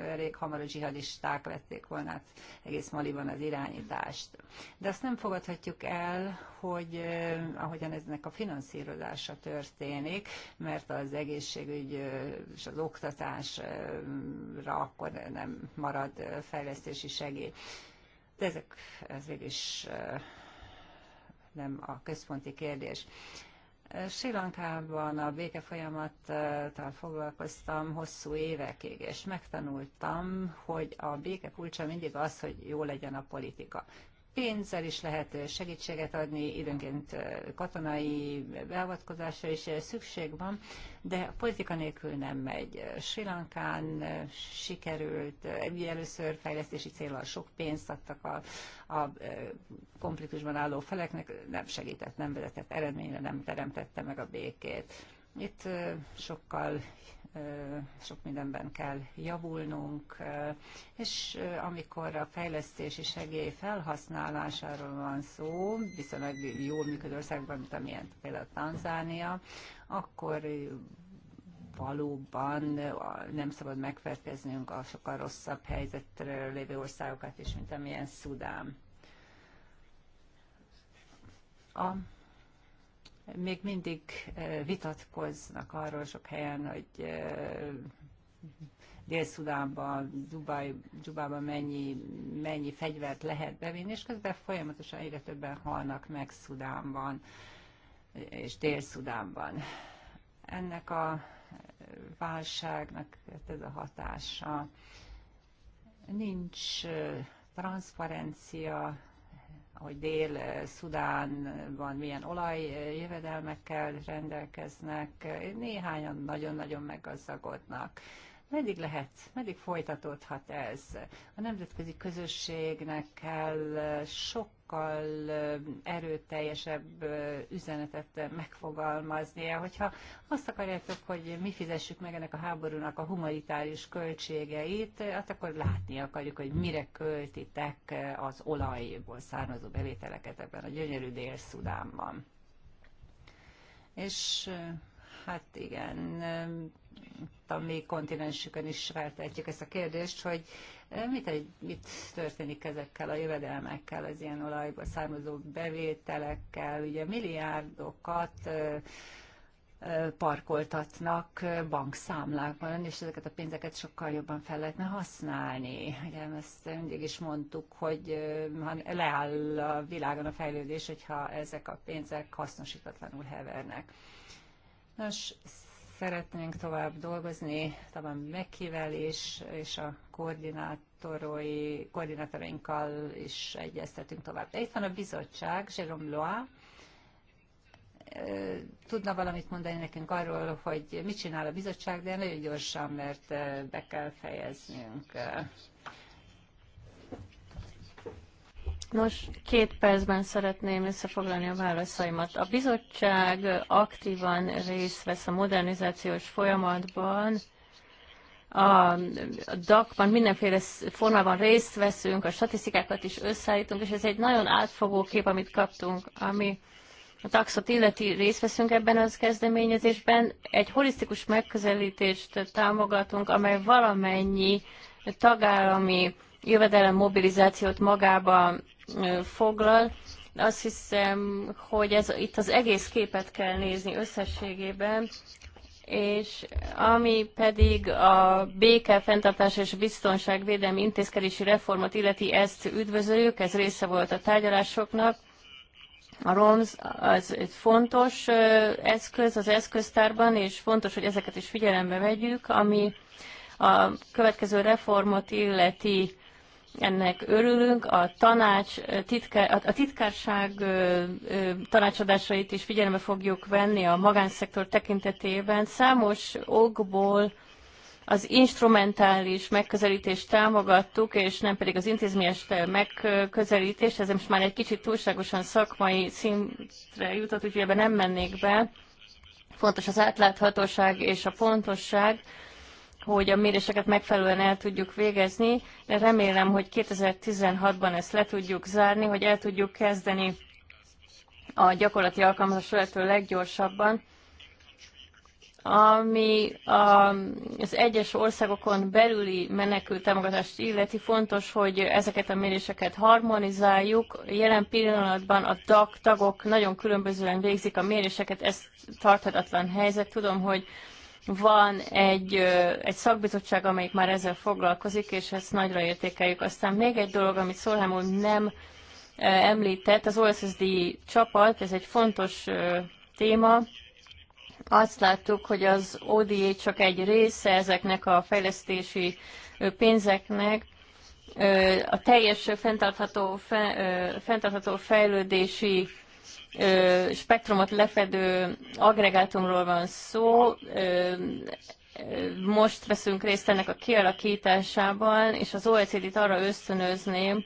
elég hamar a zsihadisták vették volna egész Maliban az irányítást. De azt nem fogadhatjuk el, hogy ahogyan eznek a finanszírozása történik, mert az egészségügy és az oktatásra akkor nem marad fejlesztési segély. De ezek, ez végül is nem a központi kérdés. Sri Lankában a béke folyamattal foglalkoztam hosszú évekig, és megtanultam, hogy a béke kulcsa mindig az, hogy jó legyen a politika pénzzel is lehet segítséget adni, időnként katonai beavatkozásra is szükség van, de a politika nélkül nem megy. Sri Lankán sikerült, először fejlesztési célral sok pénzt adtak a, a konfliktusban álló feleknek, nem segített, nem vezetett eredményre, nem teremtette meg a békét. Itt sokkal sok mindenben kell javulnunk, és amikor a fejlesztési segély felhasználásáról van szó, viszonylag jól működő országban, mint amilyen például Tanzánia, akkor valóban nem szabad megfertőznünk a sokkal rosszabb helyzetről lévő országokat is, mint amilyen Szudán. A még mindig vitatkoznak arról sok helyen, hogy Dél-Szudánban, Dubájban Dubában mennyi, mennyi fegyvert lehet bevinni, és közben folyamatosan egyre többen halnak meg Szudánban és Dél-Szudánban. Ennek a válságnak hát ez a hatása. Nincs transzparencia, hogy Dél-Szudánban milyen olajjövedelmekkel rendelkeznek. Néhányan nagyon-nagyon meggazdagodnak. Meddig lehet, meddig folytatódhat ez? A nemzetközi közösségnek kell sok sokkal erőteljesebb üzenetet megfogalmaznia. Hogyha azt akarjátok, hogy mi fizessük meg ennek a háborúnak a humanitárius költségeit, hát akkor látni akarjuk, hogy mire költitek az olajból származó bevételeket ebben a gyönyörű Dél-Szudánban. És Hát igen, a mi kontinensükön is feltehetjük ezt a kérdést, hogy eh, mit, mit történik ezekkel a jövedelmekkel, az ilyen olajból származó bevételekkel, ugye milliárdokat eh, eh, parkoltatnak bankszámlákban, és ezeket a pénzeket sokkal jobban fel lehetne használni. Ugye ezt mindig is mondtuk, hogy leáll a világon a fejlődés, hogyha ezek a pénzek hasznosítatlanul hevernek. Nos, szeretnénk tovább dolgozni, talán Mekivel is, és a koordinátorai, koordinátorainkkal is egyeztetünk tovább. De itt van a bizottság, Jérôme Loa, tudna valamit mondani nekünk arról, hogy mit csinál a bizottság, de nagyon gyorsan, mert be kell fejeznünk. Nos, két percben szeretném összefoglalni a válaszaimat. A bizottság aktívan részt vesz a modernizációs folyamatban, a, DAC-ban mindenféle formában részt veszünk, a statisztikákat is összeállítunk, és ez egy nagyon átfogó kép, amit kaptunk, ami a taxot illeti részt veszünk ebben az kezdeményezésben. Egy holisztikus megközelítést támogatunk, amely valamennyi tagállami jövedelem mobilizációt magába foglal. Azt hiszem, hogy ez, itt az egész képet kell nézni összességében, és ami pedig a béke, fenntartás és biztonságvédelmi intézkedési reformot illeti, ezt üdvözöljük, ez része volt a tárgyalásoknak. A ROMS az egy fontos eszköz az eszköztárban, és fontos, hogy ezeket is figyelembe vegyük, ami a következő reformot illeti ennek örülünk, a tanács, titkár, a titkárság tanácsadásait is figyelembe fogjuk venni a magánszektor tekintetében. Számos okból az instrumentális megközelítést támogattuk, és nem pedig az intézményes megközelítést, ez most már egy kicsit túlságosan szakmai szintre jutott, úgyhogy ebben nem mennék be. Fontos az átláthatóság és a pontosság, hogy a méréseket megfelelően el tudjuk végezni. Remélem, hogy 2016-ban ezt le tudjuk zárni, hogy el tudjuk kezdeni a gyakorlati alkalmazás lehető leggyorsabban. Ami az egyes országokon belüli menekült támogatást illeti, fontos, hogy ezeket a méréseket harmonizáljuk. Jelen pillanatban a tag tagok nagyon különbözően végzik a méréseket, ez tarthatatlan helyzet. Tudom, hogy van egy, egy szakbizottság, amelyik már ezzel foglalkozik, és ezt nagyra értékeljük. Aztán még egy dolog, amit Szolhám úr nem említett, az OSSD csapat, ez egy fontos téma, azt láttuk, hogy az ODA csak egy része ezeknek a fejlesztési pénzeknek, a teljes fenntartható, fenntartható fejlődési spektrumot lefedő agregátumról van szó. Most veszünk részt ennek a kialakításában, és az OECD-t arra ösztönözném,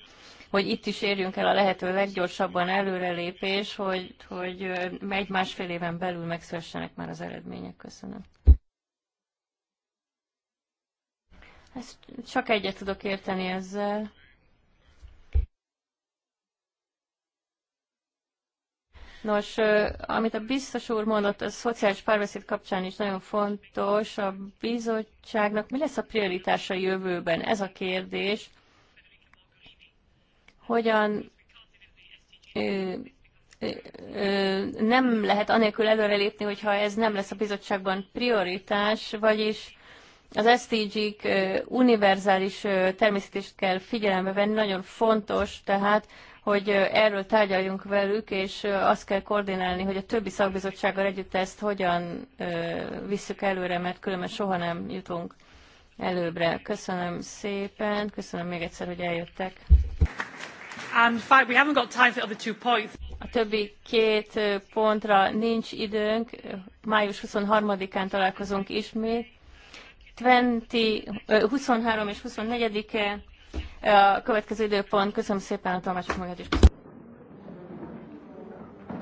hogy itt is érjünk el a lehető leggyorsabban előrelépés, hogy, hogy egy-másfél éven belül megszülessenek már az eredmények. Köszönöm. Ezt csak egyet tudok érteni ezzel. Nos, amit a biztos úr mondott, a szociális párbeszéd kapcsán is nagyon fontos. A bizottságnak mi lesz a prioritása a jövőben? Ez a kérdés. Hogyan ö, ö, ö, nem lehet anélkül előrelépni, hogyha ez nem lesz a bizottságban prioritás, vagyis az SDG-k univerzális természetést kell figyelembe venni, nagyon fontos, tehát hogy erről tárgyaljunk velük, és azt kell koordinálni, hogy a többi szakbizottsággal együtt ezt hogyan visszük előre, mert különben soha nem jutunk előbbre. Köszönöm szépen, köszönöm még egyszer, hogy eljöttek. A többi két pontra nincs időnk. Május 23-án találkozunk ismét. 20, 23 és 24-e a következő időpont. Köszönöm szépen a tanácsok magát is.